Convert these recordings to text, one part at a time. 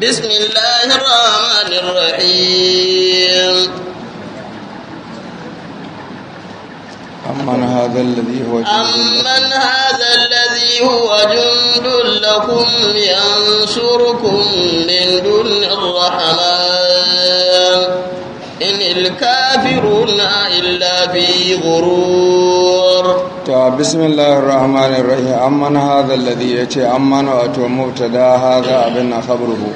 بسم الله الرحمن الرحيم أمن هذا الذي هو أمن هذا الذي هو جند لكم ينصركم من دون الرحمن إن الكافرون إلا في غرور ta bismillahir rahmanir rahim amman hadha alladhi yace amman wato mubtada hadha abin na khabruhu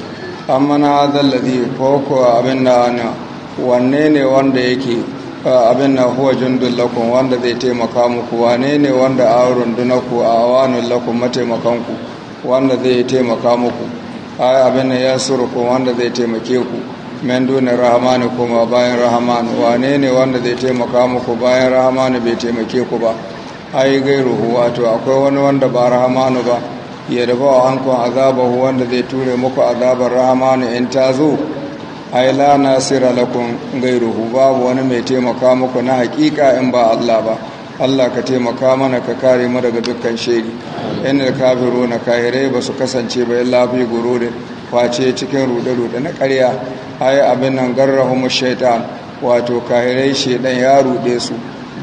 amman hadha alladhi koko abin na wanne ne wanda yake abin na huwa jundul lakum wanda zai taimaka muku wane ne wanda a rundunaku a awanul lakum mataimakanku wanda zai taimaka muku ai abin ya surku wanda zai taimake ku men dunar rahman kuma bayan rahman wane ne wanda zai taimaka muku bayan rahman bai taimake ku ba ai gairuhu wato akwai wani wanda ba rahamanu ba ya dafa wa hankon azaba wanda zai ture muku azabar rahamanu in ta zo ai la nasira lakum gairuhu babu wani mai taimaka muku na hakika in ba Allah ba Allah ka taimaka mana ka kare mu daga dukkan shiri innal kafiruna kahirai ba su kasance ba illa fi gururin face cikin rude-rude na ƙarya ai abin nan garrahu mu shaitan wato kahirai shedan ya rude su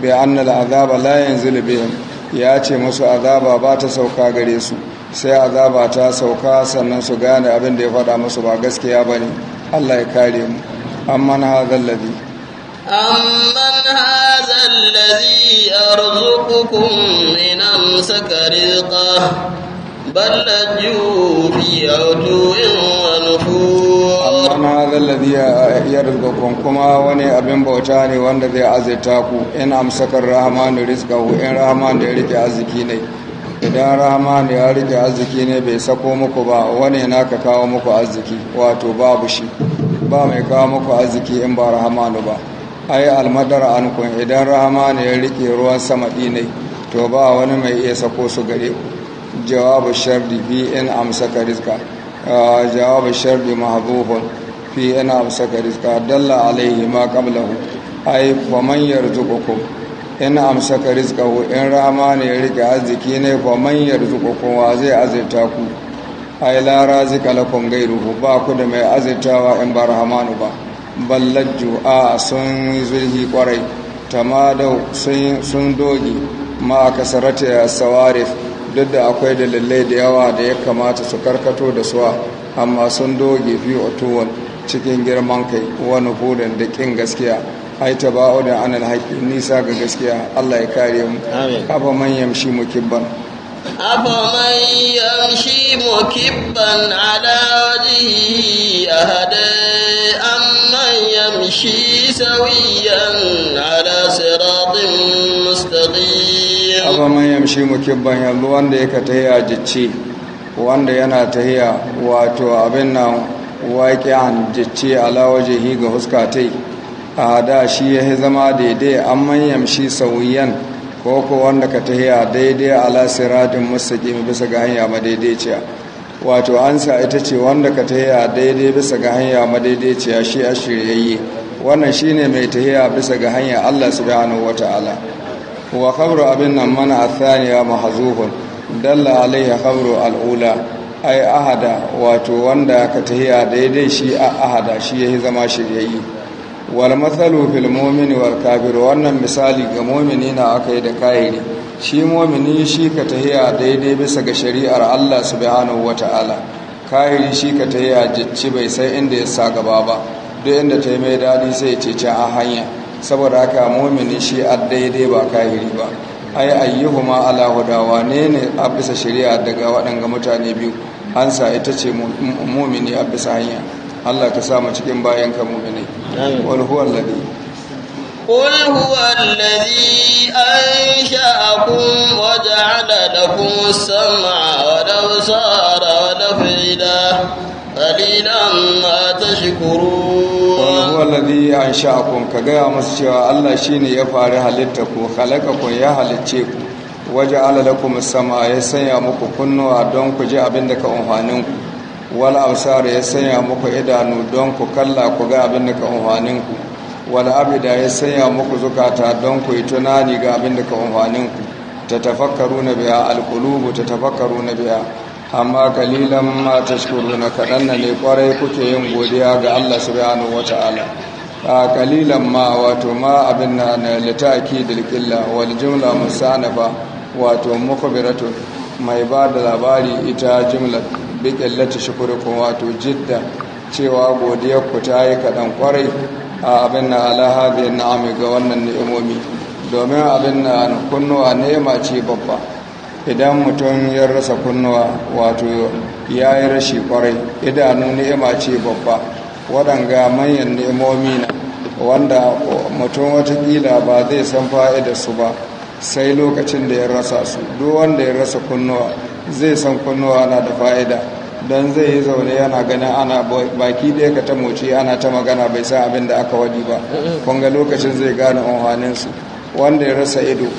bai annal azaba la yanzilu bihim ya ce musu azaba ba ta sauka gare su sai azaba ta sauka sannan su gane abin da ya faɗa masu ba gaskiya ba ne Allah ya kare mu amman hadha alladhi amman hadha alladhi yarzuqukum in amsaka rizqa alladhi yarzuqukum kuma wani abin bauta ne wanda zai azaita ku in amsakar rahmanu rizqahu in rahman da ya rike arziki ne idan rahman ya rike arziki ne bai sako muku ba wani ka kawo muku arziki wato babu shi ba mai kawo muku arziki in ba rahmanu ba ai almadar kun idan rahman ya rike ruwan sama ne to ba wani mai iya sako su gare ku jawabu shardi bi in amsaka rizqa ah, jawabu shardi mahdhufun fi yana amsaka rizka dalla alaihi ma qablahu ai wa man yarzuqukum in amsaka rizqahu in rama ne ya rike arziki ne kwa man yarzuqukum wa zai azirta ku ai la razika lakum ba ku da mai azirtawa in ba rahmanu ba ballajju a sun zulhi kwarai ma sun sun dogi ma kasarata sawarif duk da akwai dalilai da yawa da ya kamata su karkato da suwa amma sun doge fi tuwon. cikin girman kai wani hudun da kin gaskiya ai ta ba'o da anal haƙi nisa ga gaskiya Allah ya kare mu afa man yamshi kibban afa man yamshi mukibban ala wajhihi ahada amman yamshi sawiyan ala siratin mustaqim afa man yamshi kibban yanzu wanda yake tahiya jicci wanda yana tahiya wato abin nan waƙi'an jacce hi ga huska ta yi a da shi ya zama daidai an manyan shi sauyan ko ko wanda ka tahiya daidai ala siratin mustaƙimi bisa ga hanya madaidaiciya wato an sa ita ce wanda ka tahiya daidai bisa ga hanya madaidaiciya shi a shiryayye wannan shi ne mai tahiya bisa ga hanya allah subhanahu wa ta'ala wa kabru abin nan mana a thaniya dalla alaihi kabru al'ula ai ahada wato wanda ka tahiya daidai shi a ahada shi yayi zama shiryayi wal mathalu fil wal kafir wannan misali ga mu'mini na yi da kafiri shi momini shi ka tahiya daidai bisa ga shari'ar Allah subhanahu wata'ala kafiri shi ka tahiya jicci bai sai inda ya sa gaba ba duk inda ta yi mai daɗi sai ya ce a hanya saboda haka mu'mini shi a daidai ba kafiri ba ai ayyuhuma ala hudawa ne ne a bisa shari'a daga waɗanga mutane biyu hansa ita ce mumini a bisa hanya Allah ka sa mu cikin bayan ka mumini wal huwa alladhi qul huwa alladhi ansha'akum wa ja'ala lakum as-sam'a wa al-absara wa al-af'ida qalilan ma tashkurun Ladi huwa alladhi ansha'akum ka gaya masu cewa Allah shine ya fara halitta ko khalaqakum ya halicce ku waje alalakum sama ya sanya muku kunnuwa don ku ji abin da ka ku wal absar ya sanya muku idanu don ku kalla ku ga abin da ka ku wal abida ya sanya muku zukata don ku yi tunani ga abin da ka ku ta tafakkaru na biya alkulubu ta tafakkaru na biya amma kalilan ma shukuru na kaɗan na ne kwarai kuke yin godiya ga allah subhanahu wa ta'ala a kalilan ma wato ma abin na litaki da likilla wal jumla musanafa wato mukhbiratun mai ba da labari ita jimla bikillati shukurikum wato jidda cewa godiyar ku ta yi kaɗan kwarai a abin na alaha na na'ami ga wannan ni'imomi domin abin na kunnuwa ni'ima ce babba idan mutum ya rasa kunnuwa wato ya yi rashi kwarai idanu nema ce babba waɗanga manyan ni'imomi na wanda mutum watakila ba zai san fa'idarsu ba sai lokacin da ya rasa su duk wanda ya rasa kunnuwa zai san kunnuwa na da fa'ida don zai yi zaune yana ganin ana baki da ka ta moci ana ta magana bai san abin da aka wadi ba kunga lokacin zai gane amfaninsu wanda ya rasa ido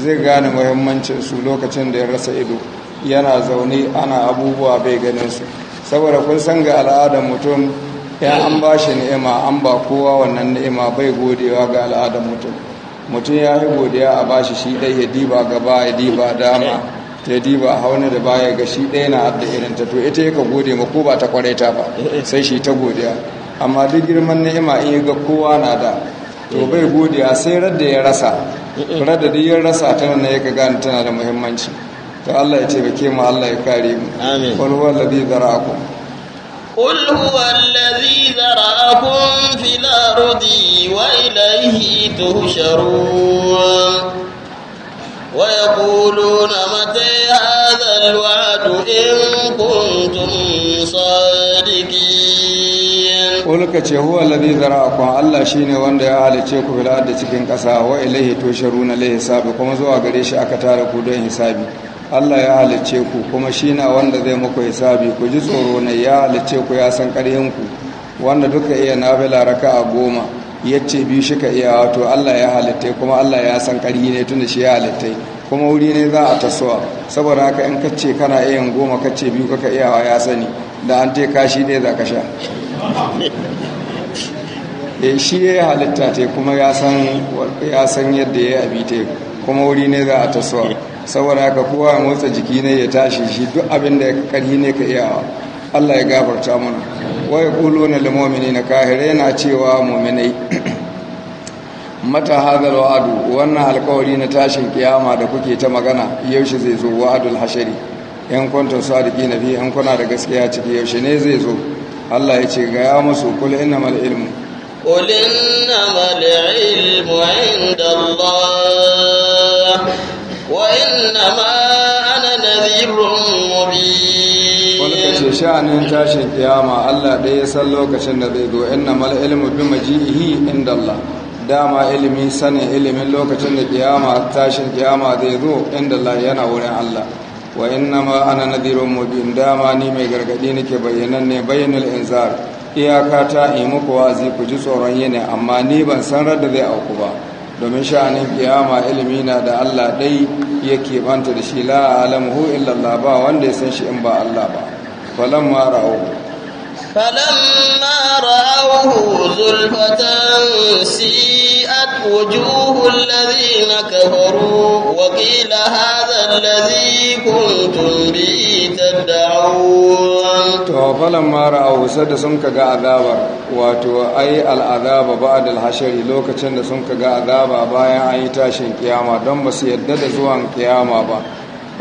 zai gane muhimmancin su lokacin da ya rasa ido yana zaune ana abubuwa bai ganin su saboda kun san ga al'adar mutum ya an ba shi ni'ima an ba kowa wannan ni'ima bai godewa ga al'adar mutum mutum ya yi godiya a bashi shi ɗai ya diba gaba ya diba dama ta diba hauna da baya ga shi ɗaya na abda irin ta to ita yaka gode ma ko ba ta ta ba sai shi ta godiya amma duk girman ni'ima in ga kowa na da to bai godiya sai radda ya rasa radda da ya rasa tana na yaka gane tana da muhimmanci to Allah ya ce ke mu Allah ya kare mu amin wani Kulhuwar Lazizar a kun fi larudi, wai lahi toshe ruwa. Waya Kulu na matse azalwa ce, huwa Lazizar a kuma Allah shi ne wanda ya halicce ku bila da cikin ƙasa, wai lahi toshe runa la hisabe kuma zuwa gare shi aka tara ku don hisabi. Allah ya halice ku kuma shi na wanda zai muku hisabi ku ji tsoro ne ya halice ku ya san ƙarhinku wanda duka iya nafila raka a goma ya ce biyu shi ka iya wato Allah ya halitta kuma Allah ya san ƙarhi ne tunda shi ya halitta kuma wuri ne za a tasowa saboda haka in kace kana iya goma kace biyu kaka wa ya sani da an te kashi ne za ka sha e shi ya halitta te kuma ya san yadda ya abi te kuma wuri ne za a tasowa saboda haka kowa motsa jiki ne ya tashi shi duk abin da ya karhi ne ka iya Allah ya gafarta mana wai kulu na limomini na kahire na cewa muminai mata hadar wa'adu wannan alkawari na tashin kiyama da kuke ta magana yaushe zai zo wa'adul hashari yan kwanta su adiki na biyu yan kuna da gaskiya ciki yaushe ne zai zo Allah ya ce gaya musu kul innamal ilmu qul ilmu inda Allah وإنما أنا نذير مبين ولكن شأن تاشن قيامة الله دي يسلو كشن ذيدو إنما العلم بمجيئه عند الله dama ilimi sanin ilimin lokacin da kiyama tashin kiyama zai zo inda Allah yana wurin Allah wa ma ana nadirun mubin dama ni mai gargadi nake ne bayyanul inzar iyaka ta yi muku wazi ku ji tsoron yini amma ni ban san rada zai auku ba domin sha'anin kiyama ilimi na da Allah dai yake banta da shi la alamu illallah ba wanda ya san shi in ba Allah ba falamma ra'u فلما رأوه زلفة سيئت وجوه الذين كفروا وقيل هذا الذي كنتم به تدعون to a ra'aw sadda sun kaga azaba wato ai al'azaba ba'd al-hashri lokacin da sun kaga azaba bayan an yi tashin ƙiyama don ba su yadda da zuwan ƙiyama ba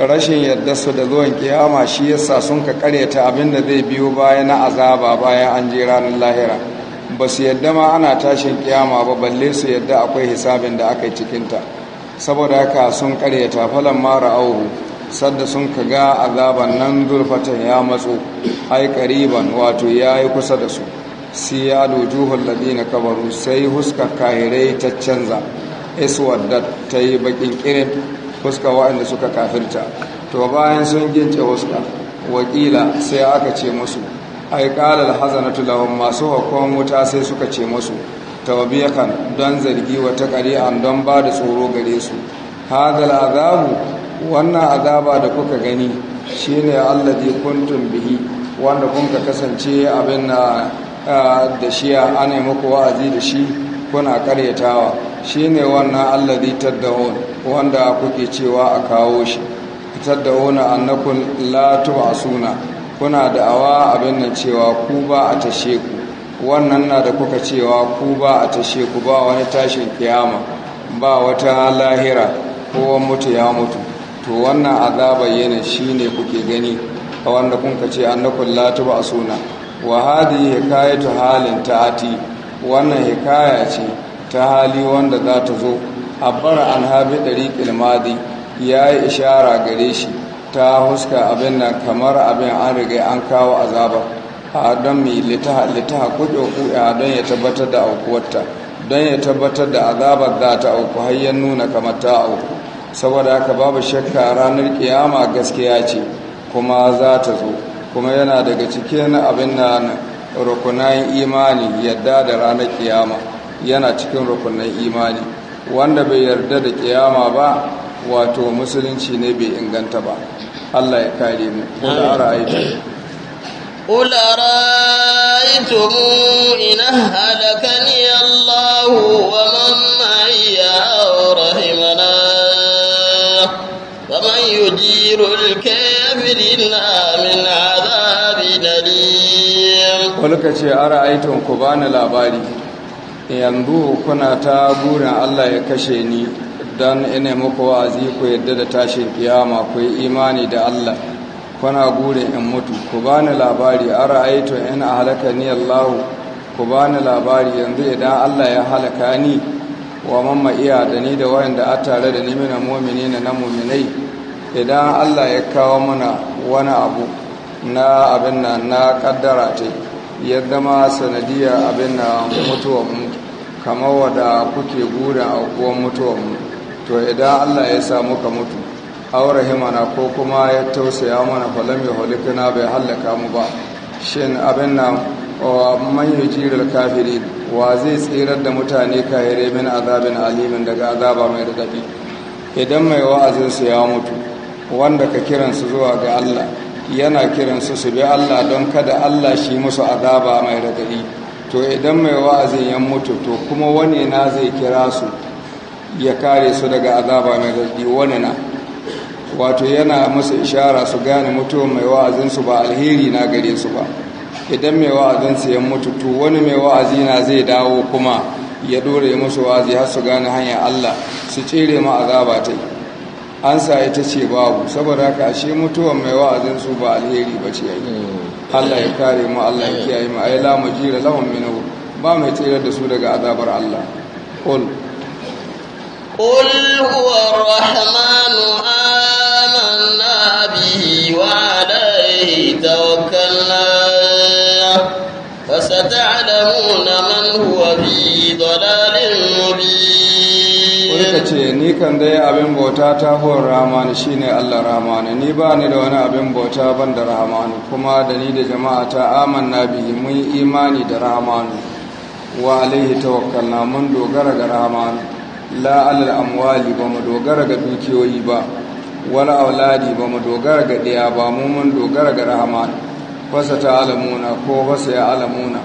rashin yadda su da zuwan kiyama shi yasa sun ka karyata abin da zai biyo baya na azaba bayan an je ranar lahira ba su yadda ma ana tashin kiyama ba balle su yadda akwai hisabin da aka yi cikinta saboda haka sun karyata falon mara auru sadda sun ka ga azaban nan zulfatan ya matso ai kariban wato ya yi kusa da su si ya dojuhun ladina kabaru sai huskar kahirai ta canza iswadda ta yi bakin kirin fuska waɗanda suka kafirta to bayan sun gince fuska wakila sai aka ce musu ai ƙalar hazana tulawan masu hakon wuta sai suka ce musu tawbiyakan don zargi wata ƙari'an don ba da tsoro gare su hadal azabu wannan azaba da kuka gani shine allazi kuntum bihi wanda kun ka kasance abin da shi a ana muku wa'azi da shi kuna karyatawa Shi ne wannan alladhi tad'un wanda kuke cewa a kawo shi tad'una annakum la suna. kuna da da'awa abin nan cewa ku ba a tashe ku wannan na da kuka cewa ku ba a tashe ku ba wani tashin kiyama ba wata lahira kowa mutu ya mutu to wannan azaba yana shine kuke gani a wanda kuka ce annakun latu a suna wa hadi hikayatu halin ta'ati wannan hikaya ce ta hali wanda za ta zo bara an habi ɗari ƙilmadi ya yi ishara gare shi ta huska abin nan kamar abin an riga an kawo azaba a don mai litaha kuɗe a don ya tabbatar da aukuwarta don ya tabbatar da azabar za ta auku har nuna kamar ta auku saboda haka babu shakka ranar kiyama gaskiya ce kuma za ta zo kuma yana daga cikin abin nan rukunan imani yadda da ranar kiyama yana cikin rukunan imani wanda bai yarda da kiyama ba wato musulunci ne bai inganta ba Allah ya kare mu kula ra'ayi kula ra'ayi to ina halakani Allah wa man rahimana wa man yujiru al-kafirina min adhabin alim kulka ce ara'aytum ku bani labari yanzu kuna ta burin Allah ya kashe ni don ina muku wa'azi ku yadda da tashin kiyama ku yi imani da Allah kuna burin in mutu ku bani labari a ra'aito ina halaka ni Allah ku bani labari yanzu idan Allah ya halaka ni wa mamma iya da ni da wayanda a tare da ni mu'minina na mu'minai idan Allah ya kawo mana wani abu na abin nan na kaddara ta yadda ma sanadiyar abin na mutuwa mutu kamar wadda kuke gudun abubuwan mutuwan mu to idan allah ya sa muka mutu aurahimana ko kuma ya tausaya mana falam ya holikina bai hallaka mu ba shin abin nan manyan jirar kafiri wa zai tsirar da mutane ka yi min azabin alimin daga azaba mai radadi idan mai wa'azinsu ya mutu wanda ka kiransu zuwa ga allah yana kiransu su bi allah don kada allah shi musu azaba mai radadi to idan mai wa'azin ya mutu to kuma wani na zai kira su ya kare su daga azaba mai zargi wani na wato yana musu ishara su gane mutuwar mai wa'azinsu ba alheri na gare su ba idan mai wa'azinsu ya mutu to wani mai wa'azi na zai dawo kuma ya dore musu wa'azi har su gane hanyar allah su cire ma azaba ta yi ansa ita ce babu saboda ka ashe mutuwan mai wa'azin su ba alheri ba ce Allah ya kare mu Allah ya kiyaye mu ai la lahum minhu ba mai tsira da su daga azabar Allah qul qul huwa rahmanu amanna bihi wa alayhi tawakkalna fasata'lamuna man huwa fi dhalalin ya ce ni kan dai abin bauta ta huwar shi shine Allah Rahmanu ni ba ni da wani abin bauta ban da Rahmanu kuma da ni da jama'a ta amanna bihi mun yi imani da Rahmanu wa alaihi tawakkalna mun dogara ga Rahmanu la alal amwali ba mu dogara ga dukiyoyi ba wala auladi ba mu dogara ga ɗaya ba mu mun dogara ga Rahmanu fasa ta alamuna ko fasa ya alamuna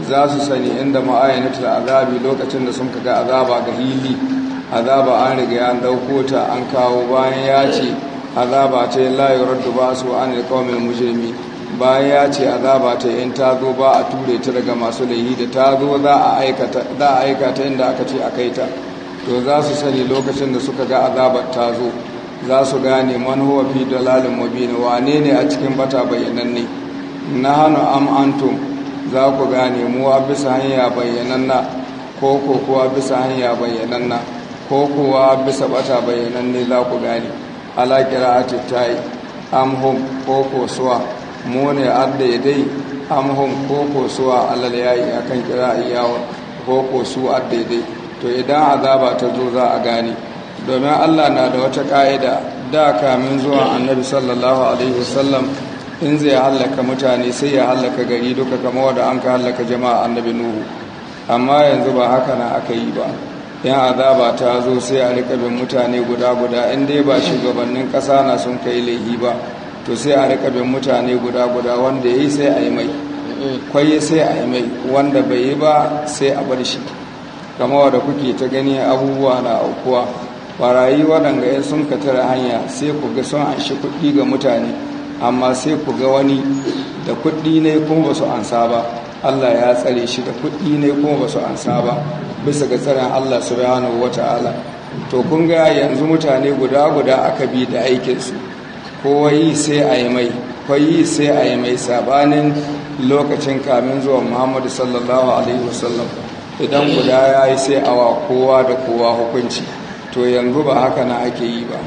za su sani inda ma'ayyanatul azabi lokacin da sun kaga azaba ga hili azaba an riga an dauko ta an kawo bayan ya ce azaba ta la da ba su an mai mujirmi bayan ya ce azaba ta in ta zo ba a ture ta daga masu laihi da ta zo za a aikata inda aka ce a kai ta to za su sani lokacin da suka ga azabar ta zo za su gane man huwa fi dalalin mubin wane ne a cikin bata bayyananne hannu am antum za ku gane mu a bisa hanya bayyananna ko ko bisa hanya bayyananna ko kuwa bisa bata bayanan ne za ku gane ala a ta'i amhun ko ko suwa mu ne adda dai amhun ko ko suwa alal yayi akan qira'i yawo ko ko su adda dai to idan azaba ta zo za a gane domin Allah na da wata ka'ida da kamin zuwa annabi sallallahu alaihi wasallam in zai hallaka mutane sai ya hallaka gari duka kamar wanda an ka hallaka jama'a annabi nuhu amma yanzu ba haka na aka yi ba yan azaba ta zo sai a rika bin mutane guda guda in dai ba shugabannin kasa na sun kai laihi ba to sai a rika bin mutane guda guda wanda ya yi sai a yi mai kwaye sai a yi mai wanda bai yi ba sai a bar shi kama da kuke ta gani abubuwa na aukuwa barayi waɗanda yan sun ka tara hanya sai ku ga sun anshi kuɗi ga mutane amma sai ku ga wani da kuɗi ne kuma ba su ansa ba allah ya tsare shi da kuɗi ne kuma ba su ansa ba bisa ga tsarin Allah subhanahu wata'ala to kun ga yanzu mutane guda guda aka bi da aikinsu kowai sai a yi mai sai a yi mai sabanin lokacin kamin zuwa muhammadu sallallahu alaihi wasallam idan guda ya yi sai awa kowa da kowa hukunci to yanzu ba haka na ake yi ba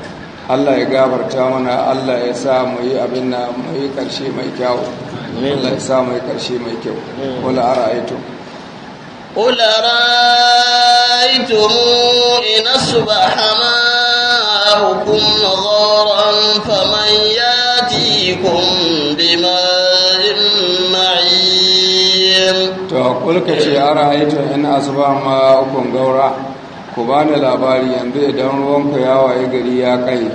allah ya gabarta mana allah ya sa mu yi abin na mu yi mai kyau allah ya sa mu yi mai kyau wala قل رأيتم إن أصبح ماؤكم غورا فمن يأتيكم بماء معين تقول كشي إن أصبح ماؤكم غورا ku ba da labari yanzu idan ruwanku ya waye gari ya kai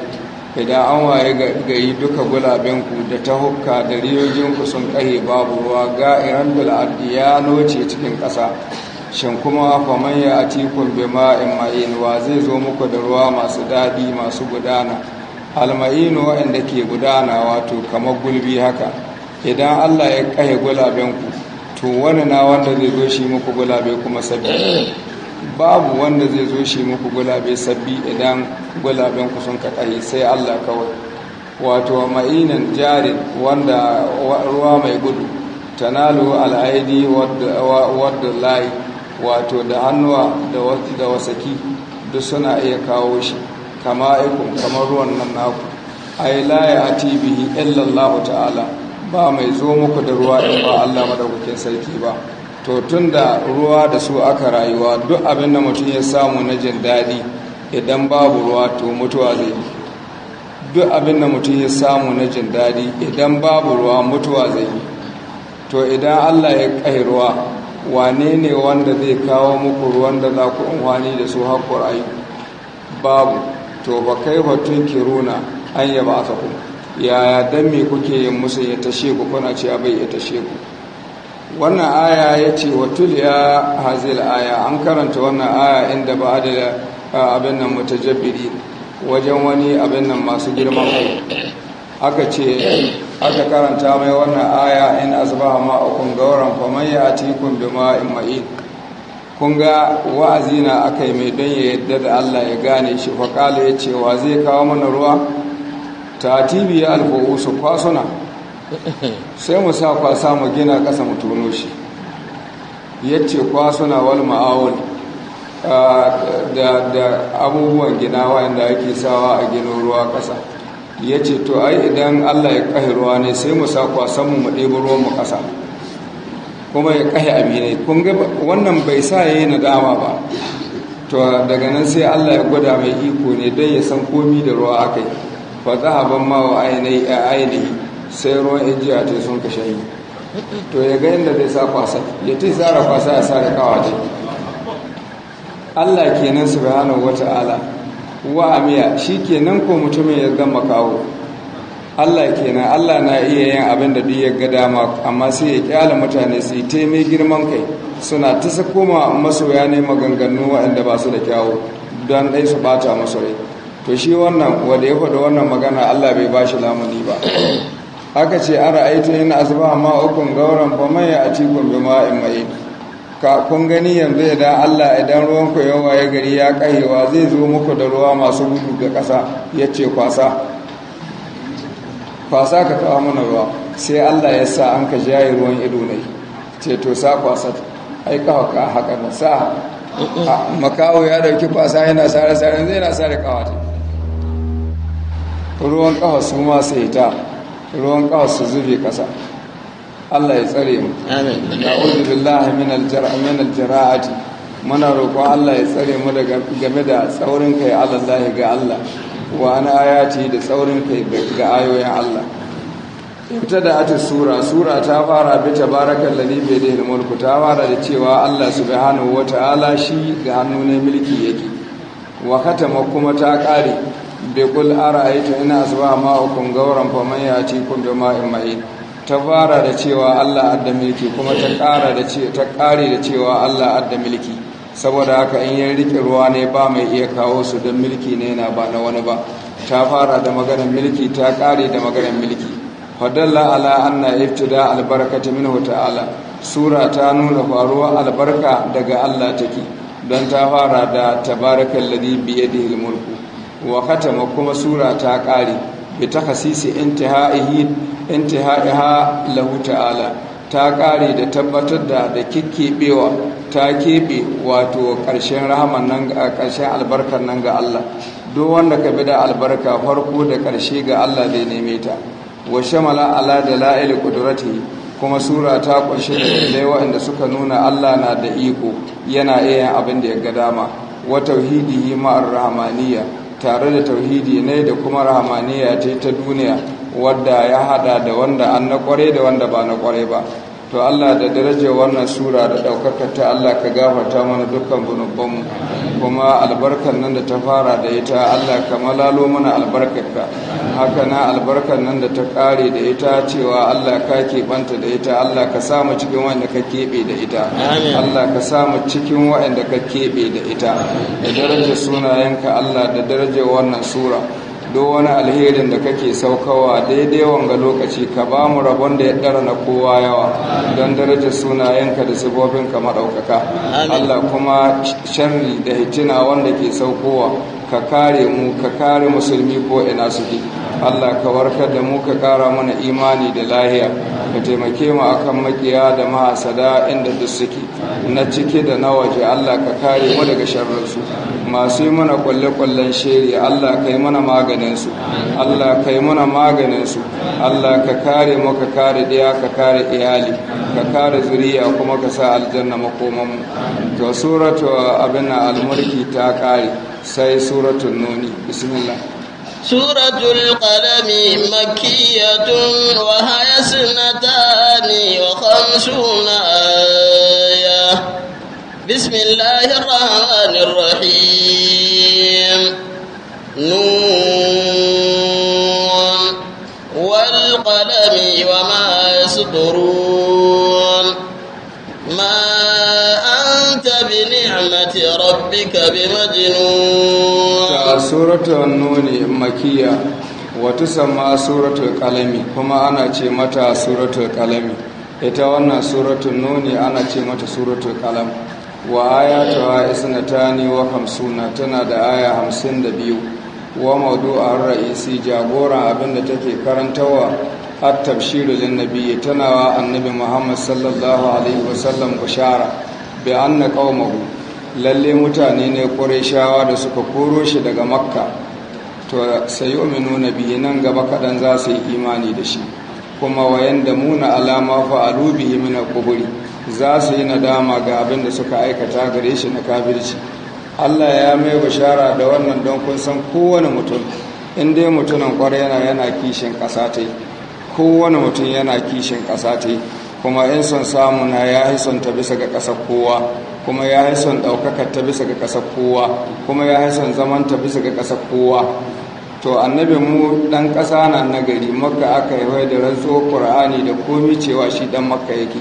idan an waye gari duka gulabinku da ta hukka da riyojinku sun kai babu ruwa ga iran bil'addi ya noce cikin ƙasa shin kuma faman ya atikun bema in ma'in wa zai zo muku da ruwa masu daɗi masu gudana alma'inu waɗanda ke gudana wato kamar gulbi haka idan allah ya kahe gulabenku to wani na wanda zai zo shi muku gulabe kuma sabbi babu wanda zai zo shi muku gulabe sabbi idan gulabenku sun kaɗaye sai allah kawai wato ma'inin jarin wanda ruwa mai gudu tanalu al'aidi wadda layi wato da hannuwa da wasaki duk suna iya kawo shi kama iku, kamar ruwan nan naku yi laye a bihi illallahu ta'ala ba mai zo muku da ruwa in ba Allah madaukakin sarki ba to tun da ruwa da su aka rayuwa duk abin da mutum ya samu na jin daɗi idan babu ruwa to mutuwa zai yi duk abin da mutum ya samu na jin daɗi idan babu ruwa mutuwa zai yi to idan allah ya ƙai ruwa wane ne wanda zai kawo muku ruwan da za ku amfani da su haƙƙur ayi babu to ba kai batun kiruna an yi ba ku yaya don me kuke yin musu ya tashe ku kuna ce bai ya tashe ku wannan aya ya ce wa ya hazil aya an karanta wannan aya inda ba da abin nan mutajabbiri wajen wani abin nan masu girman kai aka ce aka karanta mai wannan aya in asbaha ma'akum gauran faman ya'tikum bima'in ma'in kun ga wa'azi na aka yi mai don ya yadda da Allah ya gane shi faƙala ya ce wa zai kawo mana ruwa ta ya alfo'u su kwasuna sai mu sa kwasa mu gina ƙasa mu tono shi ya ce kwasuna wal ma'awul ah, da abubuwan gina wa'anda ake sawa a gina ruwa ƙasa ya ce to ai idan allah ya kahi ruwa ne sai mu sa kwasan mu ɗebi ruwan mu ƙasa kuma ya kahi aminai kun ga wannan bai sa ya yi nadama ba to daga nan sai allah ya gwada mai iko ne don ya san komi da ruwa aka yi za a ma wa ainihi sai ruwan jiya ta sun kashe yi to ya ga inda zai sa kwasa ya ta tsara kwasa ya sa da kawace allah kenan wata wata'ala wa miya, shi ke nan ko mutumin ya zama kawo Allah kenan Allah na iya yin abin da duk ya ga dama amma sai ya kyala mutane su yi taimai girman kai suna ta koma masoya ne maganganu waɗanda ba su da kyawu don ɗai su bata masu rai to shi wannan wanda ya faɗi wannan magana Allah bai ba shi lamuni ba aka ce an ra'aitu yana azba amma ukun gauran fa mai a cikin bima'in ma'in ka kun gani yanzu idan Allah idan ruwan ku yawa ya gari ya kaiwa zai zo muku da ruwa masu gudu ga ƙasa ya ce kwasa kwasa ka kawo mana ruwa sai Allah ya sa an ka jayi ruwan ido ne ce to sa kwasa ai kawo ka haka na sa makawo ya dauki kwasa yana sare sare zai na sare ta ruwan kawo su ma sai ta ruwan kawo su zube ƙasa Allah ya tsare mu amin na'udhu billahi min al min al-jara'ati muna roƙo Allah ya tsare mu daga game da tsaurin kai Allah ga Allah wa ana ayati da tsaurin kai ga ayoyin Allah ita da ati sura sura ta fara bi tabarakal ladhi bi yadihi mulku ta fara da cewa Allah subhanahu wata'ala shi ga hannu ne mulki yake wa katama kuma ta kare bi qul ara'aytu in asbaha ma'akum gawran faman ya'tikum bima'in ma'in ta fara da cewa Allah adda milki kuma ta ƙara da ce ta ƙare da cewa Allah adda milki saboda haka in yi rike ruwa ne ba mai iya kawo su don milki ne na ba na wani ba ta fara da maganar milki ta ƙare da maganar milki fadalla ala anna ibtida albarakati minhu ta'ala sura ta nuna faruwa albarka daga Allah take don ta fara da tabarakal ladhi bi yadihi almulku wa khatama kuma sura ta ƙare bi takhasisi intihaihi intihaiha lahu ta'ala ta kare da tabbatar da da ta keɓe wato ƙarshen rahaman nan albarkar nan ga Allah duk wanda ka bi da albarka farko da ƙarshe ga Allah zai neme ta wa shamala da la'il qudratihi kuma sura ta kunshi da dalilai waɗanda suka nuna Allah na da iko yana iya abin da ya ga dama wa tauhidihi ma'ar rahmaniyya tare da tauhidi ne da kuma rahamaniya ce ta duniya wadda ya hada da wanda an na kware da wanda ba na kware ba to Allah da darajar wannan sura da ɗaukaka ta Allah ka gafarta mana dukkan zunubanmu kuma albarkar nan da ta fara da ita Allah ka malalo mana albarkarka haka na albarkar nan da ta ƙare da ita cewa Allah ka keɓanta da ita Allah ka samu cikin wanda ka keɓe da ita Allah ka samu cikin wanda ka keɓe da ita da darajar sunayenka Allah da darajar wannan sura duk wani alherin da kake saukawa daidai wanga lokaci ka ba mu rabon da ya dara na kowa yawa don darajar sunayenka da sabobin ka maɗaukaka Allah kuma sharri da hitina wanda ke saukowa ka kare mu ka kare musulmi ko ina suke Allah ka warkar da mu ka kara mana imani da lahiya ka taimake mu akan makiya da mahasada inda duk suke na cike da na waje Allah ka kare mu daga su. masu yi mana kwalle-kwallen shiri Allah ka yi mana maganinsu Allah ka yi mana maganinsu Allah ka kare mu ka kare ɗaya ka kare iyali ka kare zuriya kuma ka sa aljanna makomanmu to suratu abin al almurki ta kare sai suratul nuni bismillah سورة القلم مكية وهي سنتان وخمسون آية بسم الله الرحمن الرحيم نون والقلم وما يسطرون ما أنت بنعمة ربك بمجنون سورة النون مكية وتسمى سورة القلم كما أنا متى سورة القلم ita wannan suratun nuni ana ce mata suratun kalam wa ta isnatani wa hamsuna tana da aya hamsin da biyu wa maudu'ar ra'isi jagora abinda take karantawa at tabshiru lin nabiyyi tana wa annabi Muhammad sallallahu alaihi wasallam bishara bi anna qaumahu lalle mutane ne qurayshawa da suka koro shi daga makka to sayuminu nabiyyi nan gaba kadan za su yi imani da shi kuma wayanda muna alama fa alubihi min al za su yi nadama ga abin da suka aikata gare shi na kafirci Allah ya mai bishara da wannan don kun san kowane mutum in dai mutumin kwarai yana yana kishin ƙasa ta kowane mutum yana kishin ƙasa ta kuma in son samu na ya yi son ta bisa ga ƙasar kowa kuma ya yi son ɗaukakar ta bisa ga ƙasar kowa kuma ya yi son zaman ta bisa ga ƙasar kowa to annabi mu dan ƙasa na nagari makka aka yi da rantso qur'ani da komi cewa shi dan makka yake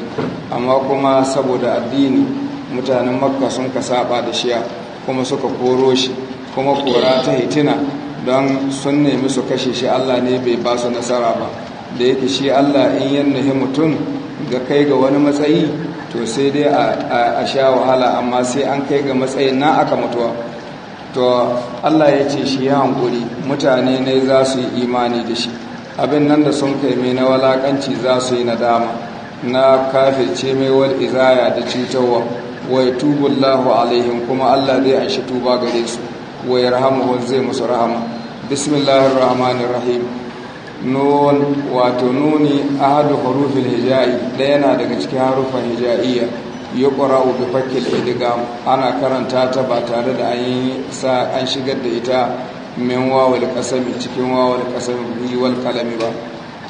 amma kuma saboda addini mutanen makka sun ka saba da shi kuma suka koro shi kuma kora ta hitina don sun nemi su kashe shi allah ne bai ba su nasara ba da yake shi allah in hi mutum ga kai ga wani matsayi to sai dai a sha wahala amma sai an kai ga matsayin na aka mutuwa to Allah ya ce shi ya hankuri mutane ne za su yi imani da shi abin nan da sun kai mai na walakanci za su yi nadama na kafirce mai wal izaya da cutarwa wa yatubullahu alaihim kuma Allah zai anshi tuba gare su Rahama yarhamuhu zai musu rahama bismillahir rahmanir rahim nun wato nuni ahadu hurufil hijai daya yana daga cikin harufan hijaiya yuqra'u bi fakkil idgham ana karanta ta ba tare da an yi sa an shigar da ita min wawar qasami cikin wawar qasami bi wal kalami ba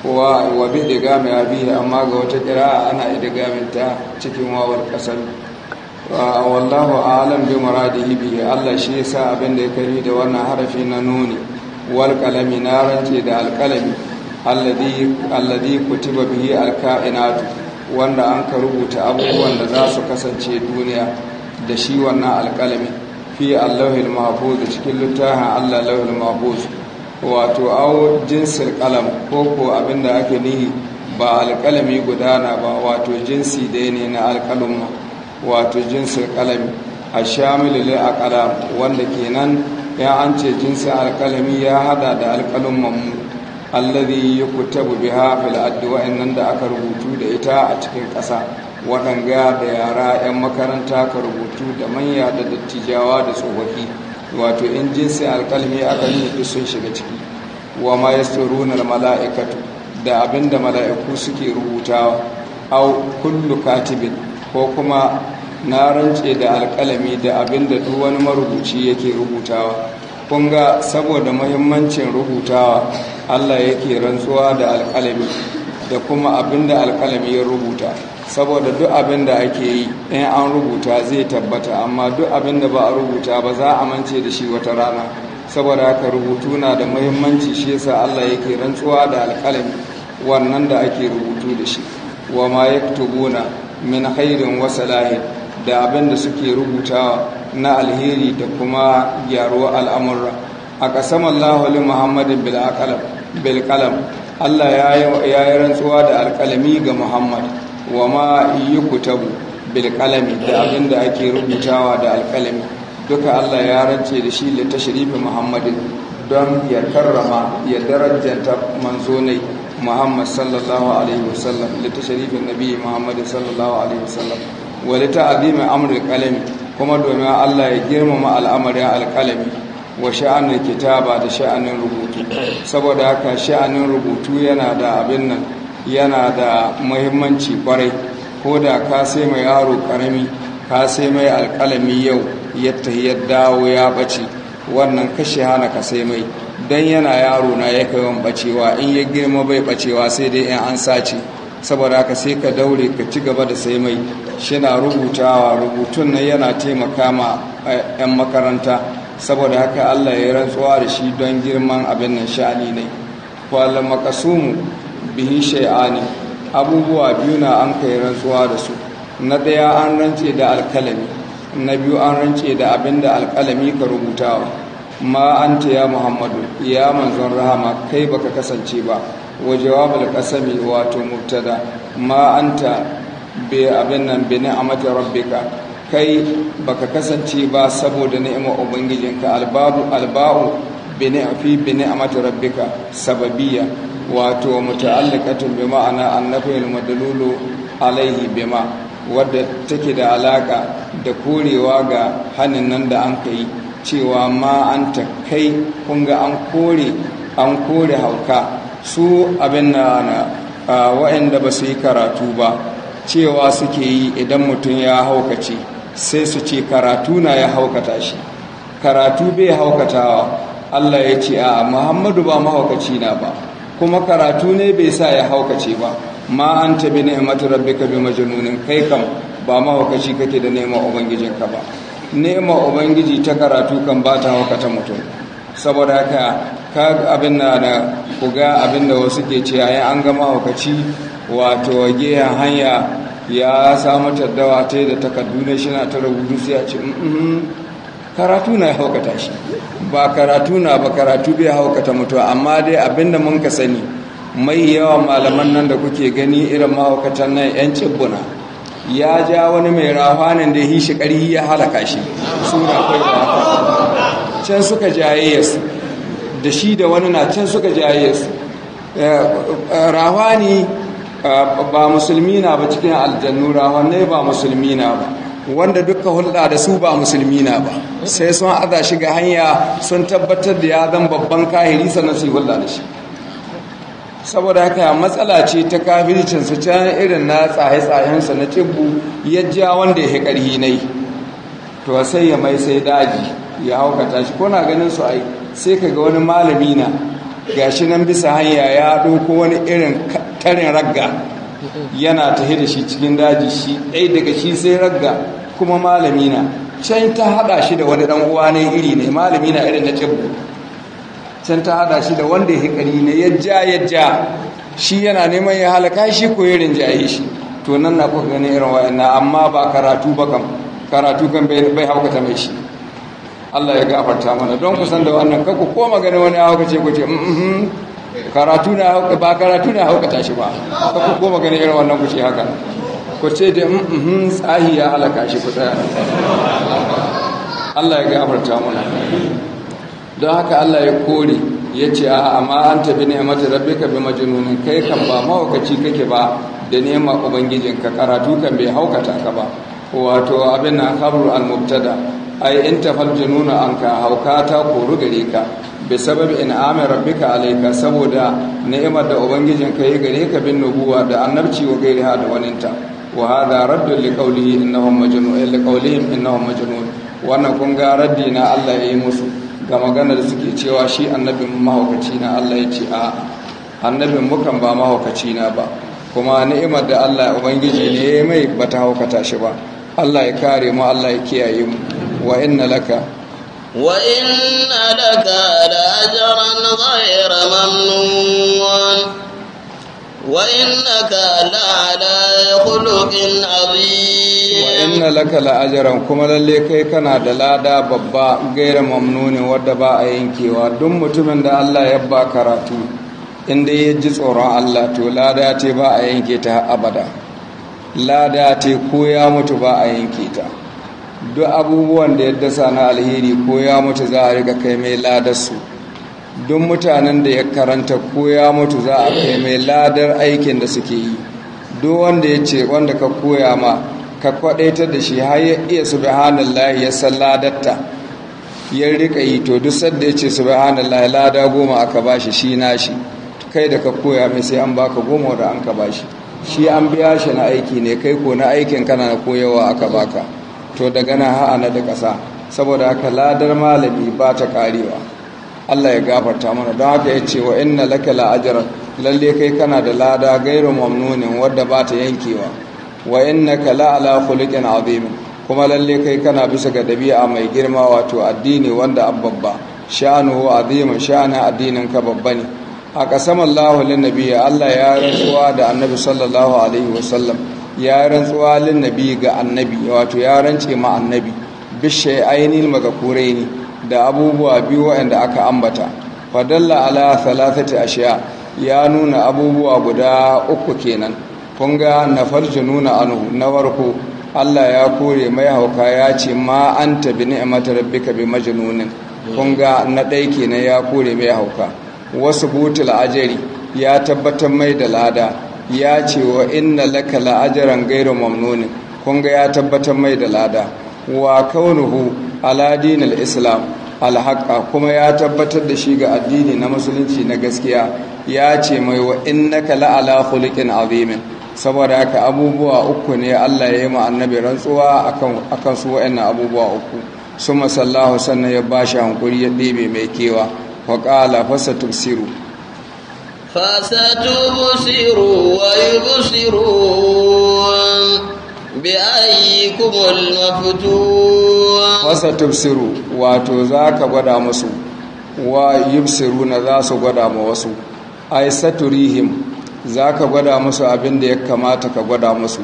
wa wa bi idgham ya bi amma ga wata kira ana idgamin ta cikin wawul qasami wallahu a'lam bi muradihi ibi Allah shi ya sa abin da ya kari da wannan harafi na nuni wal kalami na rance da alkalami alladi kutuba biyu bihi alkainatu wanda an ka rubuta abubuwan da za su kasance duniya da shi wannan alƙalami fi allahul mahfuz cikin littafin allah lahul mahfuz wato awo jinsin kalam ko ko abin da ake nihi ba alƙalami gudana ba wato jinsi da ne na alƙalumma wato jinsir kalami a shamilil aqlam wanda kenan ya an ce jinsin alƙalami ya hada da alƙalumman mu alladhi yuktabu biha fil adwa innan da aka rubutu da ita a cikin ƙasa waɗanga da yara 'yan makaranta ka rubutu da manya da dattijawa da tsofaffi wato in jinsin alƙalmi aka yi sun shiga ciki wa ma yasturuna mala'ikatu da abinda mala'iku suke rubutawa au kullu katibin ko kuma na rance da alƙalami da abinda duk wani marubuci yake rubutawa kun ga saboda mahimmancin rubutawa allah yake rantsuwa da alƙalami da kuma abin da alƙalami ya rubuta saboda duk abin da ake yi in an rubuta zai tabbata amma duk abin da ba a rubuta ba za a mance da shi wata rana saboda haka rubutu na da mahimmanci shi yasa allah yake rantsuwa da alƙalami wannan da ake rubutu da shi wa ma yaktubuna min khairin wa salahin da abin da suke rubutawa na alheri da kuma gyaruwa al'amurra a ƙasam Allah wali Muhammadin bilkalam Allah ya yi rantsuwa da alƙalami ga Muhammad wa ma yi kutabu bilkalami da abin da ake rubutawa da alƙalami duka Allah ya rance da shi da tashirifi Muhammadin don ya karrama ya darajanta manzo ne Muhammad sallallahu alaihi wasallam da tashirifin nabi Muhammadu sallallahu alaihi wasallam wa li ta'zimi amrul qalami kuma domin Allah ya girmama al'amarin alƙalami wa sha'anin kitaba da sha'anin rubutu saboda haka sha'anin rubutu yana da abin nan yana da muhimmanci kwarai ko da ka sai mai yaro karami ka sai mai alƙalami yau yadda ya dawo ya bace wannan kashe hana ka sai mai don yana yaro na ya kai wani bacewa in ya girma bai bacewa sai dai in an sace saboda haka sai ka daure ka ci gaba da sai mai shina rubutawa rubutun nan yana taimaka ma eh, 'yan makaranta saboda haka allah ya rantsuwa da shi don girman abin nan sha'ani ne kwallon makasumu bihi shai'ani abubuwa biyu na an kai rantsuwa da su na ɗaya an rance da alkalami na biyu an rance da abin da alkalami ka rubutawa ma anta ya muhammadu ya manzon rahama kai baka kasance ba wa jawabul kasami wato mubtada ma anta bi abin nan bi ni'amati rabbika kai baka kasance ba saboda ni'imar ubangijinka albabu alba'u bi ni'afi bi ni'amati rabbika sababiyya wato muta'alliqatun bi ma'ana annafil madlulu alaihi bima wadda take da alaka da korewa ga hannun nan da an kai cewa ma an ta kai kunga an kore an kore hauka su abin na wa'anda ba su yi karatu ba cewa suke yi idan mutum ya haukace sai su ce karatu na ya haukata shi karatu bai haukatawa allah ya ce a muhammadu ba mahaukaci na ba kuma karatu ne bai sa ya haukace ba ma an tabi rabbi ka bi majanunin kai kam ba mahaukaci kake da neman ubangijinka ba nema ubangiji ta karatu kan ba ta hauka mutum saboda haka ka abin na da kuga abin da wasu ke ce yayin an gama haukaci wato gehen hanya ya samu taddawa ta da takardu ne shi na ta rubutu sai ya ce karatu na ya haukata shi ba karatu na ba karatu bai haukata mutum amma dai abinda da mun ka sani mai yawa malaman nan da kuke gani irin mahaukatan nan 'yan cibbuna ya ja wani mai rahonin da ya shi ƙarhi ya halaka shi suna kai da can suka jayayyarsu da shi da wani na can suka jayayyarsu eh, rahoni eh, ba musulmi na ba cikin aljannu rahonai ba musulmi na ba wanda duka hulɗa da su ba musulmi na ba sai sun aza shiga hanya sun tabbatar da ya zan babban kahiri sannan su yi hulɗa da shi saboda haka matsala ce ta kafircin su can irin na tsaye-tsayensa na cibbu ya ja wanda ya ƙarhi nai to sai ya mai sai daji ya haukata shi na ganin su ai sai ka ga wani malami Ga shi nan bisa hanya ya ɗauko wani irin tarin ragga yana ta da shi cikin daji shi ɗai daga shi sai ragga kuma malami can ta haɗa shi da wani ɗan uwa ne iri ne malami na irin na cibbu can ta hada shi da wanda ya hikari ne ya ja ya ja shi yana neman ya halaka shi ko ya rinjaye shi to nan na kuka gani irin wa'annan amma ba karatu ba kan karatu kan bai haukata mai shi Allah ya gafarta mana don ku san da wannan kanku ko magana wani ce ku ce mm, mm, mm, karatu na hauka ba karatu na haukata shi ba kanku ko magana irin wannan ku ce haka ku ce da tsahi ya halaka shi ku tsaya Allah ya gafarta mana don haka Allah ya kore ya ce a amma an tabi ni'imata ka bi majnunin kai kan ba mawakaci kake ba da nema ka karatu kan bai haukata ka ba wato abin na khabru al mubtada ai in tafal jununa hauka ta koru gare ka bi sababi in amir rabbika alaika saboda ni'imar da ka ya gare ka bin nubuwa da annabci wa gairiha da waninta wa hada raddun liqawlihi innahum majnun eh, innahum majnun wannan kun ga raddi na Allah ya yi musu ga magana da suke cewa shi annabin mahaukaci na Allah ya ce a annabin mukan ba mahaukaci na ba kuma ni'imar da Allah ubangiji ne mai ba ta haukata shi ba Allah ya kare mu Allah ya kiyaye mu wa inna laka wa inna laka da ajaran ghayra mamnun wa ka la ala khuluqin inna laka la'ajaran kuma lalle kai kana da lada babba gaira mamnuni wadda ba a yankewa duk mutumin da Allah ya ba karatu inda ya ji tsoron Allah to lada ce ba a yanke ta abada lada ce ko ya mutu ba a yanke ta duk abubuwan da ya dasa na alheri ko ya mutu za a riga kai mai su duk mutanen da ya karanta ko ya mutu za a kai mai ladar aikin da suke yi duk wanda ya ce wanda ka koya ma ka kwadaita da shi har ya iya subhanallahi ya salladatta ya rika yi to duk sanda ya ce subhanallahi lada goma aka bashi shi nashi kai da ka koya mai sai an baka goma da an ka bashi shi an biya shi na aiki ne kai ko na aikin kana na koyawa aka baka to daga nan na ha'ana da kasa saboda haka ladar malami ba ta karewa Allah ya gafarta mana don haka ya ce wa inna laka la'ajar lalle kai kana da lada gairu mamnunin wadda ba ta yankewa wa ka la'ala khuluqin azim kuma lalle kai kana bisa ga dabi'a mai girma wato addini wanda abbabba sha'anuhu azim sha'ana addinin ka babba ne a kasam Allah lin nabiyyi Allah ya rantsuwa da annabi sallallahu alaihi wasallam ya rantsuwa lin nabiyyi ga annabi wato ya rance ma annabi bishe ainil magakuraini da abubuwa biyu waɗanda aka ambata fadalla ala thalathati ashiya ya nuna abubuwa guda uku kenan kun ga na farji nuna anu na warko Allah ya kore mai hauka ya ce ma an tabi ni'imata rabbika bi majnunin kun ga na ɗai kenan ya kore mai hauka wasu butul ajari ya tabbatar mai da lada ya ce wa inna laka la'ajaran gairu mamnunin kun ga ya tabbatar mai da lada wa kaunuhu ala dinil islam alhaka kuma ya tabbatar da shi ga addini na musulunci na gaskiya ya ce mai wa innaka la'ala khuliqin azimin saboda haka abubuwa uku ne Allah ya yi ma annabi rantsuwa akan su wa'annan abubuwa uku su masallahu sannan ya bashi hankuri ya ɗebe mai kewa wa ƙala fasa tufsiru fasa tufsiru wa yi busiru bi kumul maftuwa fasa tufsiru wato za ka gwada musu wa yi na za su gwada ma wasu ai saturihim za ka gwada musu abin da ya kamata ka gwada musu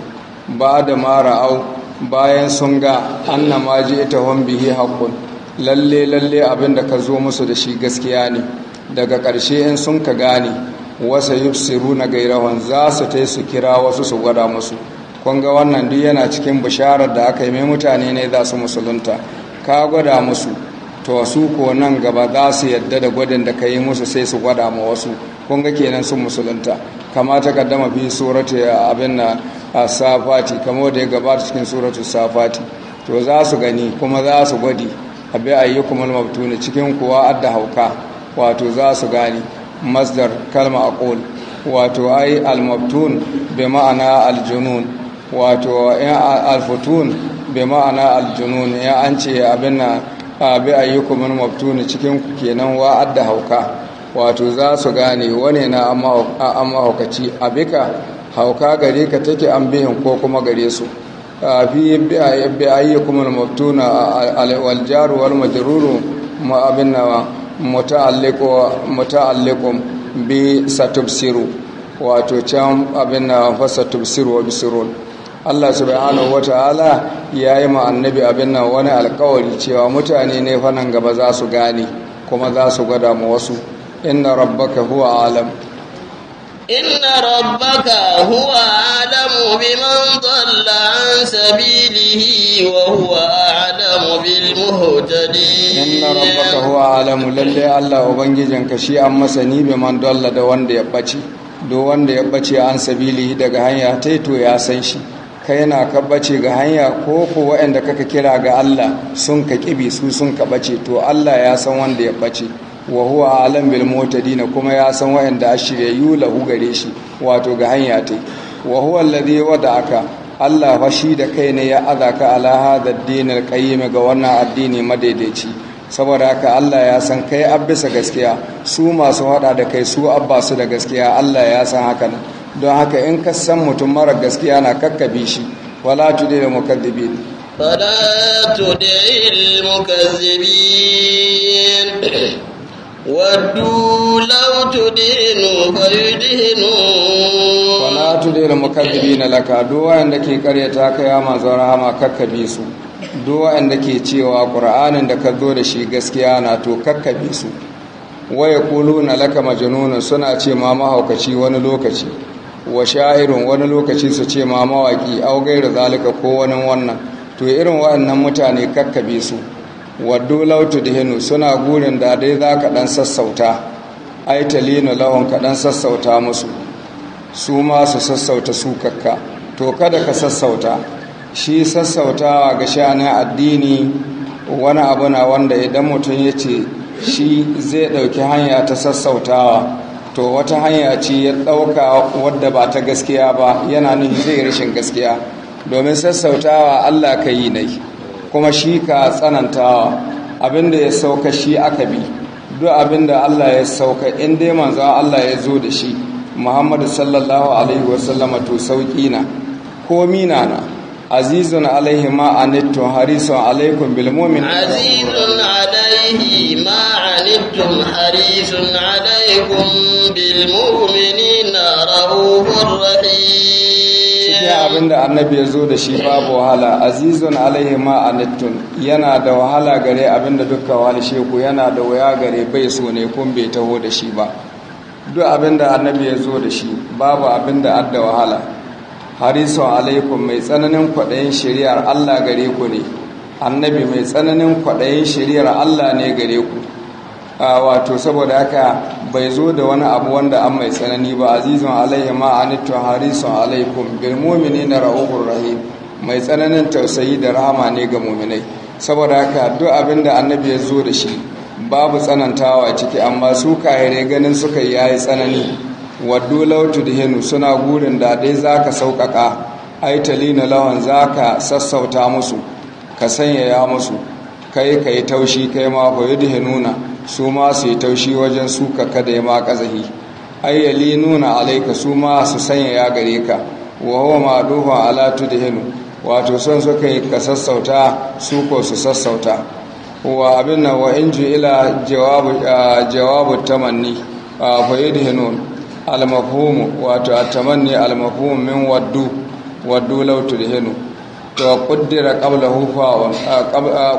ba da mara au, bayan sun ga anna ma ji ita bihi haƙun lalle lalle abin da ka zo musu da shi gaskiya ne daga ƙarshe in sun ka gane wasa siru na gairawan za su ta su kira wasu su gwada musu kun ga wannan duk yana cikin bisharar da aka yi mai mutane ne za su musulunta ka gwada musu to su ko nan gaba za su yadda da gwadin da ka yi musu sai su gwada ma wasu kun ga kenan sun musulunta kama ta kaddama fi suratu abin na safati kama da ya gabata cikin suratu safati to za su gani kuma za su gwadi abi al mabtun cikin kuwa adda hauka wato za su gani masdar kalma aqul wato ai al-mabtun bi ma'ana al-junun wato al-futun bi ma'ana al-junun ya an ce abin na abi ayyukumul mabtun cikin ku kenan wa adda hauka wato za su gane wane na an mahaukaci a bika hauka gare ka take an bihin ko kuma gare su a fi yi kuma maftuna aljaru wal majaruru ma abin na bi satubsiru wato can abin na fasa satubsiru wa bisirun Allah subhanahu ala ya yi ma annabi abin nan wani alkawari cewa mutane ne fanan gaba za su gane kuma za su gwada ma wasu inna rabbaka huwa alam inna rabbaka huwa alamu biman dalla an sabilihi wa huwa alamu bil muhtadin inna rabbaka huwa alamu lalle Allah ka shi an masani biman dalla da wanda ya bace do wanda ya bace an sabilihi daga hanya tai to ya san shi kai na ka bace ga hanya ko ko waɗanda kaka kira ga Allah sun ka kibi su sun ka bace to Allah ya san wanda ya bace wa huwa alam bil mutadin kuma ya san wayanda yu lahu gare shi wato ga hanya ta. wa huwa alladhi wada'aka Allah fa shi da kai ne ya azaka ala hada din al-qayyim ga wannan addini madaidaici saboda haka Allah ya san kai abbisa gaskiya su masu hada da kai su abba su da gaskiya Allah ya san haka don haka in ka san mutum mara gaskiya na kakkabe shi wala tudil mukaddibin fala tudil mukaddibin ودوا لو تدهنوا فيدهنوا ولا تدهن na laka, دو ke karyata kaya ya rahama kakkabe su ke cewa qur'anin da ka zo da shi gaskiya na to kakkabe su waya Kulu, laka majanunan suna ce ma mahaukaci wani lokaci wa sha'irun wani lokaci su ce ma mawaki au zalika ko wani wannan to irin waɗannan mutane kakkabe su waddu lautu hinu suna gurin da dai za ka ɗan sassauta ai talinu lahun ka ɗan sassauta musu su ma su sassauta su kakka to kada ka sassauta shi sassautawa ga sha'anin addini wani abu na wanda idan mutum ya ce shi zai ɗauki hanya ta sassautawa to wata hanya ce ya ɗauka wadda ba ta gaskiya ba yana nuni zai rashin gaskiya domin sassautawa allah ka yi nai kuma shi ka tsanantawa abinda ya sauka shi aka bi duk abinda Allah ya sauka in dai manzo Allah ya zo da shi Muhammadu sallallahu alaihi wasallama to sauki na komi na na azizun alaihi ma anittum harisun alaikum bil mu'minin azizun alaihi ma anittum harisun alaikum bil mu'minina rahufur rahim cikin abin da annabi ya zo da shi babu wahala azizun alaihi ma anittun yana da wahala gare abin da dukkan wani sheku yana da waya gare bai so ne kun bai taho da shi ba duk abin da annabi ya zo da shi babu abin da adda wahala harisun alaikum mai tsananin kwaɗayin shari'ar allah gare ku ne annabi mai tsananin kwaɗayin shiriyar allah ne gare ku A wato saboda haka bai zo da wani abu wanda an mai tsanani ba azizun alaihi ma anittu harisun alaikum bil na ra'ufur rahim mai tsananin tausayi da rahama ne ga mu'minai saboda haka duk abin da annabi ya zo da shi babu tsanantawa ciki amma su kahire ganin suka yi yayi tsanani waddu law tudhinu suna gurin da dai zaka sauƙaƙa aitalina lawan zaka sassauta musu ka sanya ya musu kai ka yi taushi kai ma fa dihe nuna su ma su yi taushi wajen suka kada ya ma kazahi ayyali nuna alaika su ma su sanya ya gare ka wa duhu alatu dihe nu wato son su kai ka sassauta su ko su sassauta wa abin nan wa in ila jawabu jawabu tamanni fa dihe nuna mafhum wato a tamanni al min waddu waddu dihe tudhinu ƙuddira ƙablahu fa'un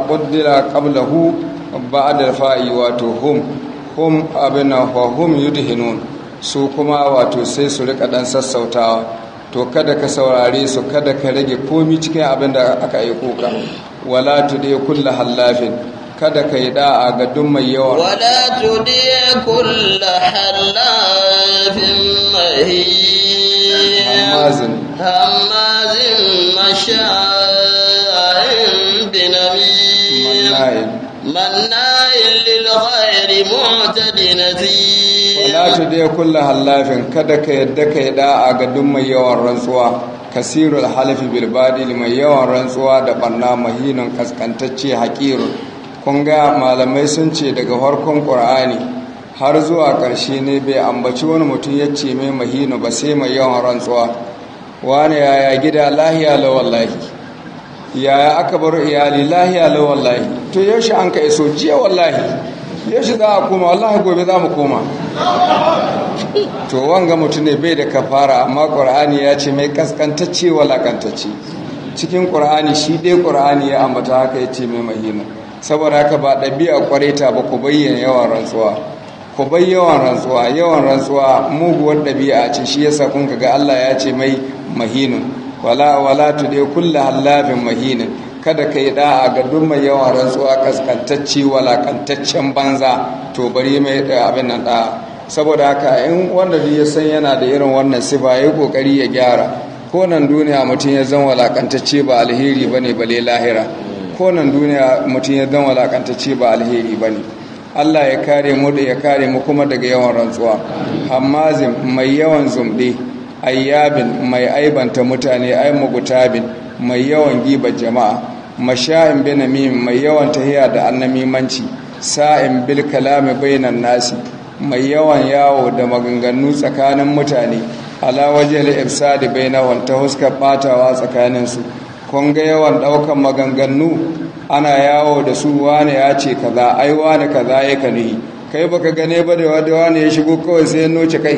ƙuddira ah, ah, ƙablahu ba'adar fa'i wato hum hum abin fa hum yudhinun su kuma wato sai su rika dan sassautawa to kada ka saurare su kada ka rage komi cikin abin da aka aiko ka wala tudai kullu hallafin kada ka yi da'a ga duk mai yawa wala tudi kullu halafin mahin hamazin hamazin masha'in binamin manna'in lil ghairi mu'tadin wala tudi kullu halafin kada ka yadda ka yi da'a ga duk mai yawan rantsuwa kasirul halafi bilbadi mai yawan rantsuwa da barna mahinan kaskantacce haƙirun kun ga malamai sun ce daga farkon ƙur'ani har zuwa ƙarshe ne bai ambaci wani mutum ya ce mai mahino ba sai mai yawan rantsuwa wani yaya gida lahiya lawallahi yaya aka bar iyali lahiya lawallahi to yaushe an ka iso jiya wallahi yaushe za a koma wallahi gobe za mu koma to wanga mutum ne bai da kafara amma ƙur'ani ya ce mai kaskantacce walakantacce cikin ƙur'ani shi ɗaya ƙur'ani ya ambata haka ya ce mai mahino saboda haka ba ɗabi'a kwareta ta ba ku bayyana yawan rantsuwa ku bai yawan rantsuwa yawan rantsuwa muguwar ɗabi'a ce shi yasa kun ga Allah ya ce mai mahinun wala wala dai kullu hallafin mahinun kada ka yi da'a ga duk mai yawan rantsuwa kaskantacci kantaccen banza to bari mai abin nan da'a saboda haka in wanda ya san yana da irin wannan sifa ya kokari ya gyara ko nan duniya mutum ya zan walakantacce ba alheri bane bale lahira konan duniya mutum ya zama ce ba alheri ba ne allah ya kare mu da ya kare mu kuma daga yawan rantsuwa hamazin mai yawan zumɗe ayyabin mai aibanta mutane ai mugutabin mai yawan gibar jama'a masha'in binami mai yawan tahiya da annamimanci sa'in bil kalami bainan nasi mai yawan yawo da maganganu tsakanin mutane ala wajen ibsadi bainahun ta huskar batawa tsakaninsu kun ga yawan ɗaukan maganganu ana yawo da su wane ya ce kaza ai wane kaza ya ka ne kai baka gane ba da wane ya shigo kawai sai ya noce kai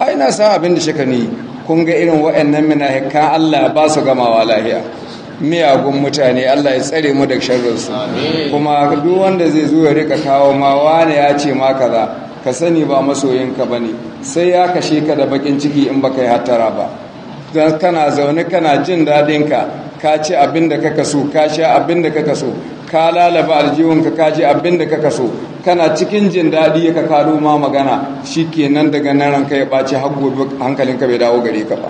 ai na san abin da shika ne kun ga irin waɗannan minahikan Allah ba su gamawa lahiya miyagun mutane Allah ya tsare mu da sharrinsu kuma duk wanda zai zo ya rika kawo ma wane ya ce ma kaza ka sani ba masoyinka ba ne sai ya kashe ka da bakin ciki in baka yi hattara ba don kana zaune kana jin daɗinka ka ci abin da kaka so ka sha abin da kaka so ka lalaba aljiwanka ka ji abin da kaka so kana cikin jin daɗi ya ka ma magana shi kenan daga nan ranka ya ɓaci har gobe hankalinka bai dawo gare ka ba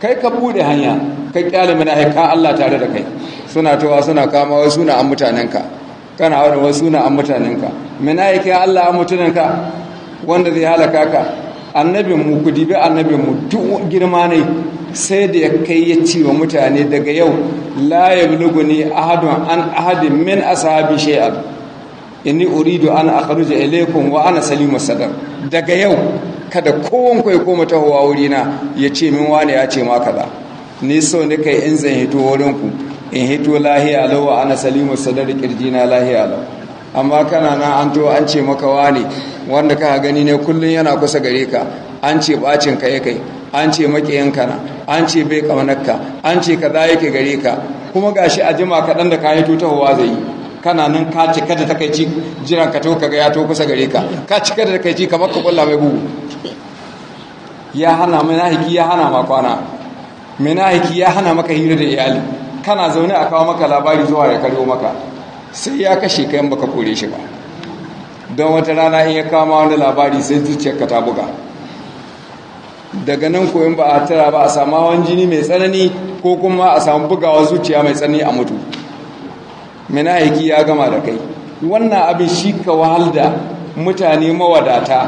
kai ka buɗe hanya kai ƙyale mana haika Allah tare da kai suna tawa suna kama wasu suna an mutanenka kana wani wasu suna an mutanenka mina haika Allah an mutanenka wanda zai halaka ka annabin mu ku dibi annabin mu duk girma ne sai da ya kai ya ce wa mutane daga yau la yablugu ni ahadun an ahadin min ashabi shay'an inni uridu an akhruja ilaykum wa ana salimu sadar daga yau kada kowan ya koma wuri na ya ce min wane ya ce maka da ni so ne kai in zan hito wurin ku in hito lahiya lawa ana salimu sadar kirjina lahiya lawa amma kana na an to an ce maka wane wanda ka gani ne kullum yana kusa gare ka an ce bacin ka ya kai an ce makiyan ka na an ce bai kamanarka an ce ka kaza yake gare ka kuma gashi a jima kaɗan da kayan tutawa zai yi kana nan ka cika da takaici jiran ka to ga ya to kusa gare ka ka cika da takaici kamar ka kulla mai bugu ya hana nahiki ya hana ma kwana nahiki ya hana maka hira da iyali kana zaune a kawo maka labari zuwa ya karyo maka sai ya kashe kayan baka kore shi ba don wata rana in ya kama wani labari sai ka ta buga daga nan koyon ba a tara ba a samu hawan jini mai tsanani ko kuma a samu bugawa zuciya mai tsanani a mutu aiki ya gama da kai wannan abin shi ka wahal da mutane mawadata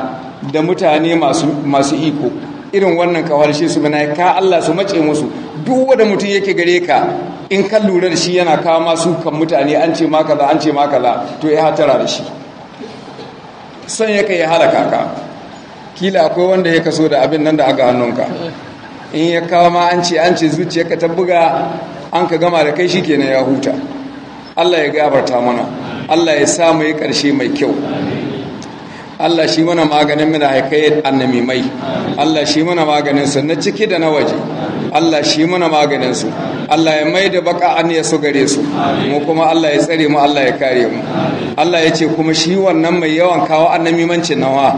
da mutane masu iko irin wannan kawar shi su mina ka Allah su mace musu duk wanda mutum yake gare ka in kan lura da shi yana kama su kan mutane an ce ma kaza an ce ma kaza to ya hatara da shi son yake ya halaka ka kila akwai wanda ya kaso da abin nan da aka hannunka in ya kawo ma an ce an ce zuciyarka ta buga an ka gama da kai shi kenan ya huta Allah ya gabarta mana Allah ya samu ya ƙarshe mai kyau Allah shi mana maganin mina haikai mai Allah shi mana maganin su na ciki da na waje Allah shi mana maganin su Allah ya mai da baka an ya so gare su mu kuma Allah ya tsare mu Allah ya kare mu Allah ya ce kuma shi wannan mai yawan kawo annamimancin nawa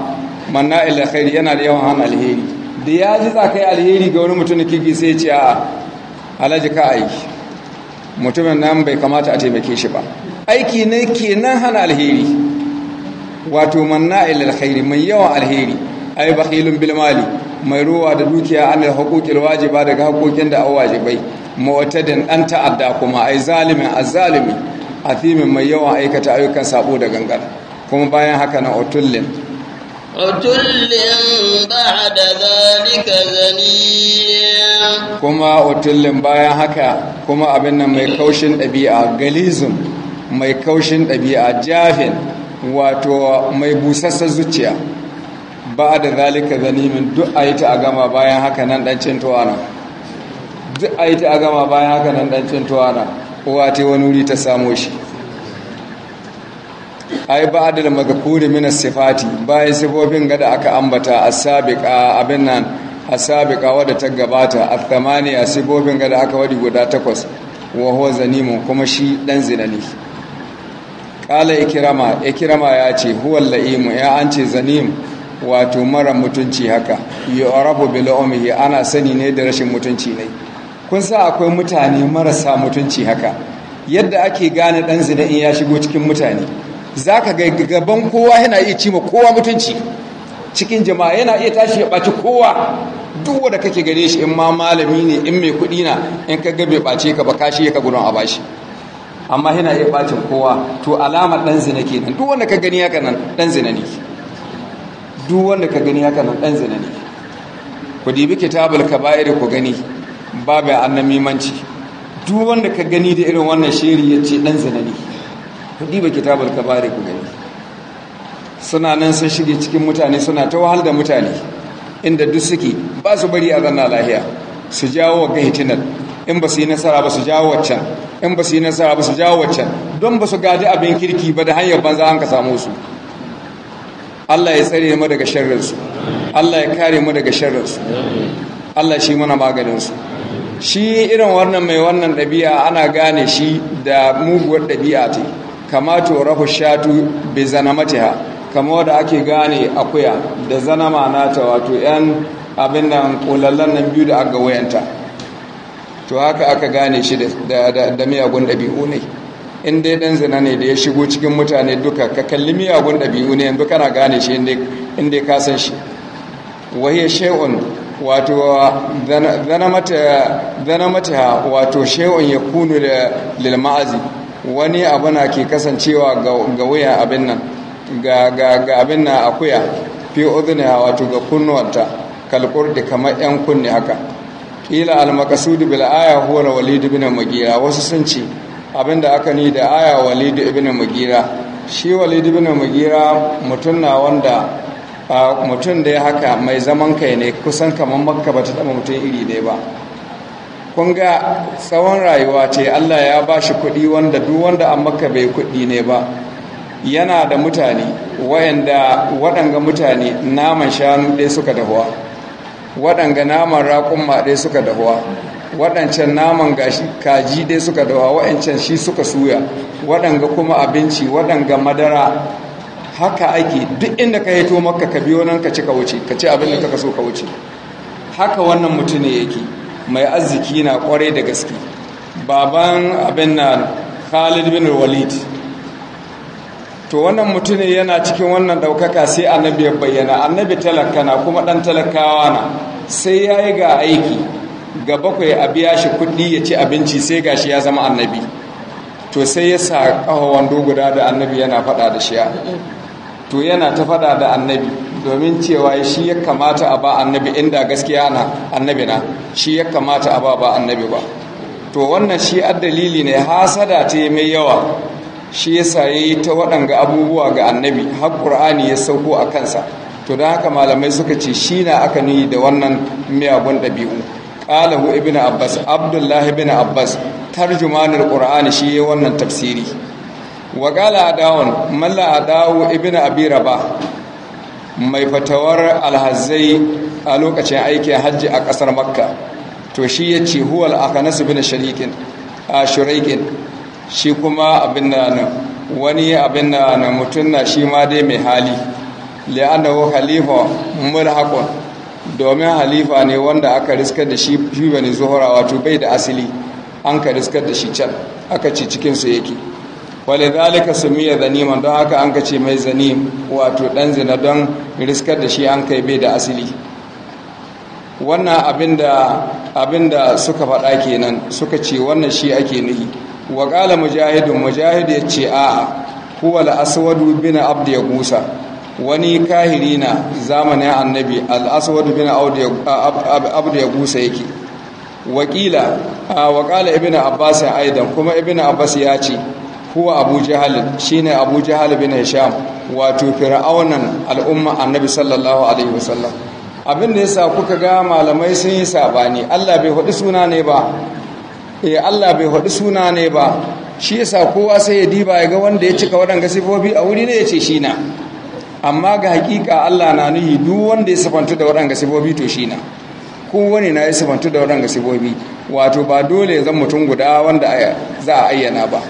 manna ila khairi yana da yawan hana alheri da ya ji za kai alheri ga wani mutum kiki sai ya ce a alaji ka aiki mutumin nan bai kamata a taimake shi ba aiki ne kenan hana alheri wato manna ilal khairi mai yawan alheri ai bakhilun bil mali mai ruwa da dukiya an huquqil wajiba daga hukukin da wajibai mu'tadin dan ta'adda kuma ai zalimin azzalimi athimin mai yawan aikata ayyukan sabo da gangar, kuma bayan haka na utullin utullin ba'da zalika zaniya kuma utullin bayan haka kuma abin nan mai kaushin dabi'a galizum mai kaushin dabi'a jafin wato mai busassar zuciya ba da zalika zanimin duk a yi ta a gama bayan haka nan ɗancin tuwana duk a yi ta a gama bayan haka nan ɗancin tuwana wato wani wuri ta samo shi ai ba da magakuri minas sifati bayan sifofin gada aka ambata a sabika abin nan a sabika wadda ta gabata a thamaniya sifofin gada aka wadi guda takwas wa huwa min kuma shi ɗan zinani kala ikirama ikirama ya ce huwal la'imu ya an ce zanim wato mara mutunci haka yu'rafu bil umhi ana sani ne da rashin mutunci ne kun sa akwai mutane marasa mutunci haka yadda ake gane dan zina in ya shigo cikin mutane zaka ga gaban kowa yana iya cima kowa mutunci cikin jama'a yana iya tashi ya ɓaci kowa duk wanda kake gane shi in ma malami ne in mai kuɗi na in ka ga bai ɓace ka ba kashi ya ka gudun a bashi amma yana iya bacin kowa to alama dan zina kenan duk wanda ka gani haka nan dan zina ne duk wanda ka gani haka nan dan zina ne ku dibi kitabul kaba'ir ku gani babu manci duk wanda ka gani da irin wannan shiri yace dan zina ne ku dibi kitabul kaba'ir ku gani suna nan sun shige cikin mutane suna ta wahal da mutane inda duk suke ba su bari a zanna lahiya su jawo wa hitinan in ba su yi nasara ba su jawo waccan in ba su yi nasara ba su jawo wacce don ba su gadi abin kirki ba da hanyar banza an ka samu su Allah ya tsare mu daga sharrinsu Allah ya kare mu daga sharrinsu Allah shi mana maganinsu shi irin wannan mai wannan ɗabi'a ana gane shi da muguwar dabi'a ce kama torahu shatu bi zanamatiha kama wanda ake gane akuya da zanama nata wato 'yan abin nan kullallan nan biyu da aka wayanta to haka aka gane shi da miyagun ɗabi'u ne in dai ɗan zina ne da ya shigo cikin mutane duka ka kalli miyagun ɗabi'u ne yanzu kana gane shi in dai ka san shi wahiyar shehun wato zana mata wato shehun ya kunu da lilma'azi wani abu na ke kasancewa ga wuya abin nan ga abin na akuya fi uzuniya wato ga kunnuwanta kalkur da kamar 'yan kunne haka kila al-maqsud bil aya huwa walid ibn mugira wasu sun ce abinda aka ni da aya walid ibn mugira shi walid ibn mugira mutun na wanda mutun da ya haka mai zaman kai ne kusan kaman makka bata taba mutun iri ne ba kun ga tsawon rayuwa ce Allah ya bashi kuɗi wanda duk wanda an makka bai kuɗi ne ba yana da mutane wayanda waɗanga mutane naman shanu ɗaya suka dahuwa waɗanga naman raƙun maɗai suka dahuwa waɗancan naman kaji dai suka dahuwa waɗancan shi suka suya waɗanga kuma abinci waɗanga madara haka ake duk inda ka hito maka ka biyo nan ka ci ka wuce ka ci abin da kaka so ka wuce haka wannan mutum ne yake mai arziki na kwarai da gaske baban abin na khalid bin walid to wannan mutum yana cikin wannan ɗaukaka sai annabi ya bayyana annabi talaka na kuma ɗan talakawa na sai ya yi ga aiki ga bakwai a biya shi kuɗi ya ci abinci sai ga shi ya zama annabi to sai ya sa ƙahawan guda da annabi yana faɗa da shi to yana ta faɗa da annabi domin cewa shi ya kamata a ba annabi inda gaskiya na annabi na shi ya kamata a ba ba annabi ba to wannan shi dalili ne hasada ce mai yawa shi yasa yi ta waɗanga abubuwa ga annabi har qur'ani ya sauko a kansa to don haka malamai suka ce shi na aka ni da wannan miyagun ɗabi'u ƙalahu ibn abbas abdullah ibn abbas tarjumanin Kur'ani shi ya wannan tafsiri wa ƙala adawon malla dawo ibn abi raba mai fatawar alhazai a lokacin aikin hajji a ƙasar makka to shi ya ce huwal akanas ibn shariƙin a shuraiƙin shi kuma abin da wani abin da mutum na shi ma dai mai hali li'annahu halifa mulhaqun domin halifa ne wanda aka riskar da shi shi bane zuhura wato bai da asili an ka riskar da shi can aka ce cikin su yake wale zalika sumiya zaniman don haka an ka ce mai zanim wato dan zina don riskar da shi an kai bai da asili wannan abinda abinda suka faɗa kenan suka ce wannan shi ake nuhi wa ƙala mujahidun mujahid ce a huwa al-aswadu bin abd gusa, wani kahiri na zamanin annabi al-aswadu bin abd gusa yake wakila wa qala Ibn abbas aidan kuma Ibn abbas ya ce huwa abu jahal shine abu jahal bin hisham wato fir'aunan al'umma annabi sallallahu alaihi wasallam abin da yasa kuka ga malamai sun yi sabani Allah bai hudu suna ne ba eh Allah bai faɗi suna ne ba shi yasa kowa sai ya diba ya ga wanda ya cika waɗanga sifofi a wuri ne ya ce shi na amma ga hakika Allah na nuhi duk wanda ya sifantu da waɗanga sifofi to shi na kowane na ya sifantu da waɗanga sifofi wato ba dole ya zan mutum guda wanda za a ayyana ba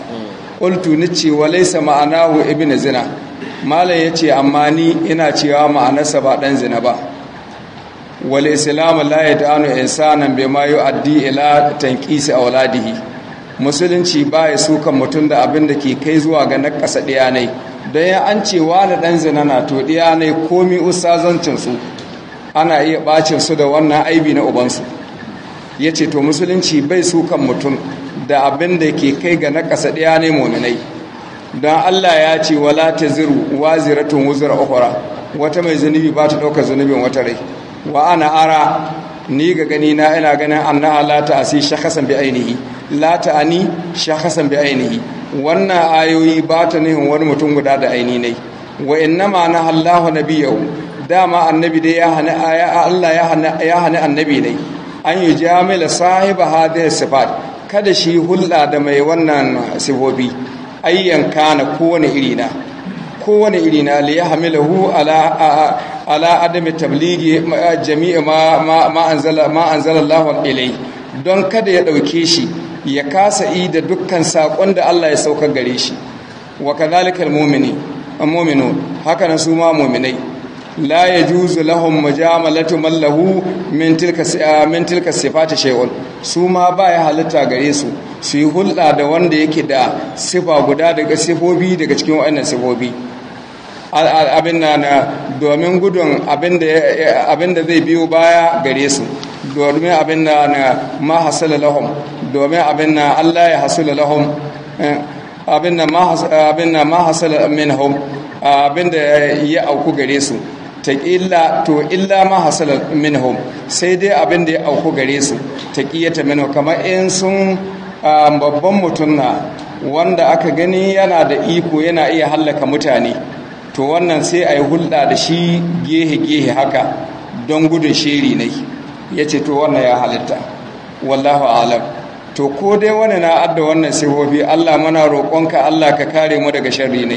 ni ce wa laysa ma'anahu na zina malam ce amma ni ina cewa ma'anarsa ba ɗan zina ba wal islam la yad'anu insanan bima yu'addi ila tanqisi auladihi musulunci ba ya sukan mutum da abin da ke kai zuwa ga nakasa ɗaya ne don ya an ce wani ɗan zina na to ɗaya ne komi usazancin su ana iya bacin su da wannan aibi na ubansu ya ce to musulunci bai sukan mutum da abin da ke kai ga nakasa ɗaya ne mominai don allah ya ce wala ta ziru wa ziratun wuzura ukhra wata mai zunubi ba ta ɗaukar zunubin wata rai wa ana ara ni ga gani na ina ganin annaha la ta'asi shakhasan bi ainihi la ta'ani shakhasan bi ainihi wannan ayoyi ba ta nihin wani mutum guda da aini ne wa ma na Allahu nabiyahu dama annabi da ya hana Allah ya hana ya hana annabi ne an yi jamila sahiba hadhihi sifat kada shi hulɗa da mai wannan sifobi ayyan kana kowane irina na kowane irina li yahmilahu ala ala adami tabligi jami'a ma anzalallahu ilai don kada ya ɗauke shi ya kasa yi da dukkan saƙon da Allah ya sauka gare shi wa kadhalika almu'mini almu'minu haka nan su ma mu'minai la yajuzu lahum mujamalatu man lahu min tilka ah, min tilka sifati shay'un su ma ba ya halitta gare su su yi hulɗa da wanda yake da sifa guda daga sifobi daga cikin wa'annan sifobi abin na domin gudun abin da zai biyo baya gare su domin abin da ma hasala lahum domin abin da Allah ya hasala lahum eh, abin da ma hasala minhum abin da ya auku gare su taƙilla to illa ma hasala minhum sai dai abin da ya auku gare su taƙiyata minhum kamar in sun babban mutum na wanda aka gani yana da iko yana iya hallaka mutane to wannan sai a yi hulɗa da shi gehe-gehe haka don gudun sheri ne ya ce to wannan ya halitta wallahu alam to ko dai wani na adda wannan sifofi Allah mana roƙonka Allah ka kare mu daga sharri ne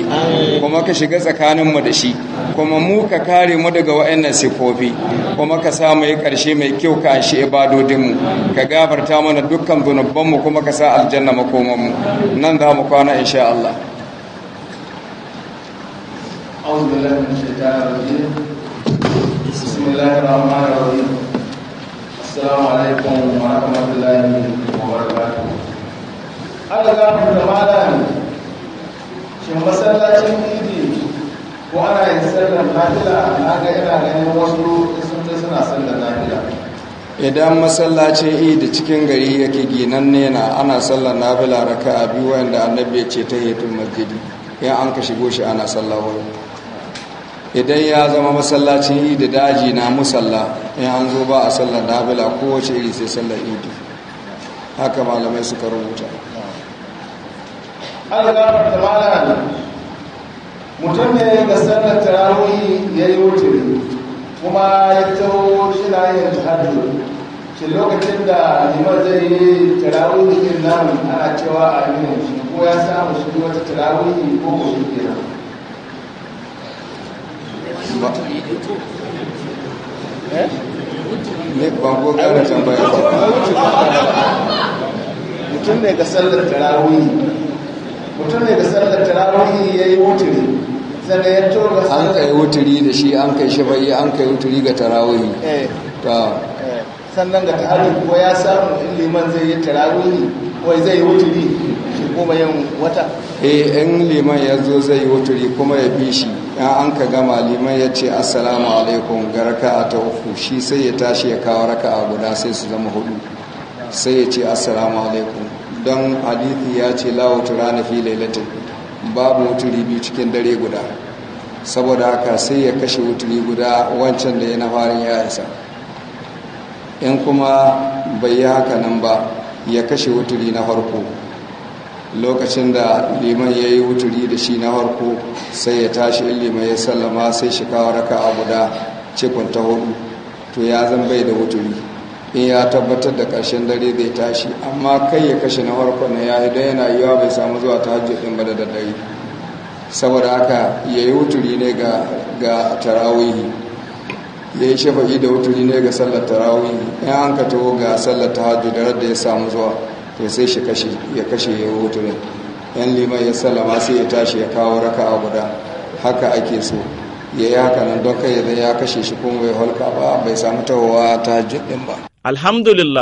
kuma ka shiga tsakanin mu da shi kuma mu ka kare mu daga wa'annan sifofi kuma ka sa mu ƙarshe mai kyau ka anshi ibadodin mu ka gafarta mana dukkan zunubbanmu mu kuma ka sa aljanna makoman mu nan za mu kwana sha Allah أعوذ بالله من الشيطان الرجيم بسم الله الرحمن الرحيم السلام عليكم ورحمة الله وبركاته Allah za mu da ne, shin masallacin idi ko ana yin sallar nafila na ga ina ganin wasu sun ta suna sallar nafila idan masallacin idi cikin gari yake ginan nena, ana sallar nafila a biyu wanda annabi ya ce ta hiyatul masjidi in an ka shigo shi ana sallah wani idan ya zama masallacin da daji na musalla in an zo ba a sallar nafila kowace iri sai sallar idi haka malamai suka rubuta mutum ne da sallar tarawihi ya yi wuturi kuma ya taho shi na yin hajji shi lokacin da liman zai yi tarawihi din nan ana cewa a yi shi ko ya samu shi wata tarawihi ko ko shi ne ban ko gara tambaya mutum ne ga sallar tarawihi mutum ne ga sallar tarawihi ya yi wuturi sannan ya toga an kai wuturi da shi an kai shafa'i an kai wuturi ga tarawihi eh. eh. sannan ga ta'arif ko ya samu in liman zai yi tarawihi wai zai yi wuturi shi kuma yin wata eh in liman ya zo zai yi wuturi kuma ya bi shi ya an ka gama liman ya ce assalamu alaikum ga raka'a ta uku shi sai ya tashi ya kawo a guda sai su zama hudu sai ya ce assalamu alaikum don hadithi ya ce lawatu rana fi lailatin babu wuturi biyu cikin dare guda saboda haka sai ya kashe wuturi guda wancan da ya na farin ya isa in kuma bai yi haka nan ba ya kashe wuturi na farko lokacin da liman ya yi wuturi da shi na harko sai ya tashi in liman ya sallama sai shi kawo raka a guda cikon ta hudu to ya zan bai da wuturi in ya tabbatar da ƙarshen dare zai tashi amma kai ya kashe na harko na ya idan yana yiwa bai samu zuwa ta hajji ɗin ba da daddare saboda haka ya yi wuturi ne ga tarawihi ya yi shafa'i da wuturi ne ga sallar tarawihi in an ka taho ga sallar ta hajji da ya samu zuwa ta sai shi kashe ya kashe ya wuturin yan liman ya sallama sai ya tashi ya kawo raka a guda haka ake so ya yi haka nan don kai ya kashe shi kuma bai halka ba bai samu tawowa ta juɗin ba alhamdulillah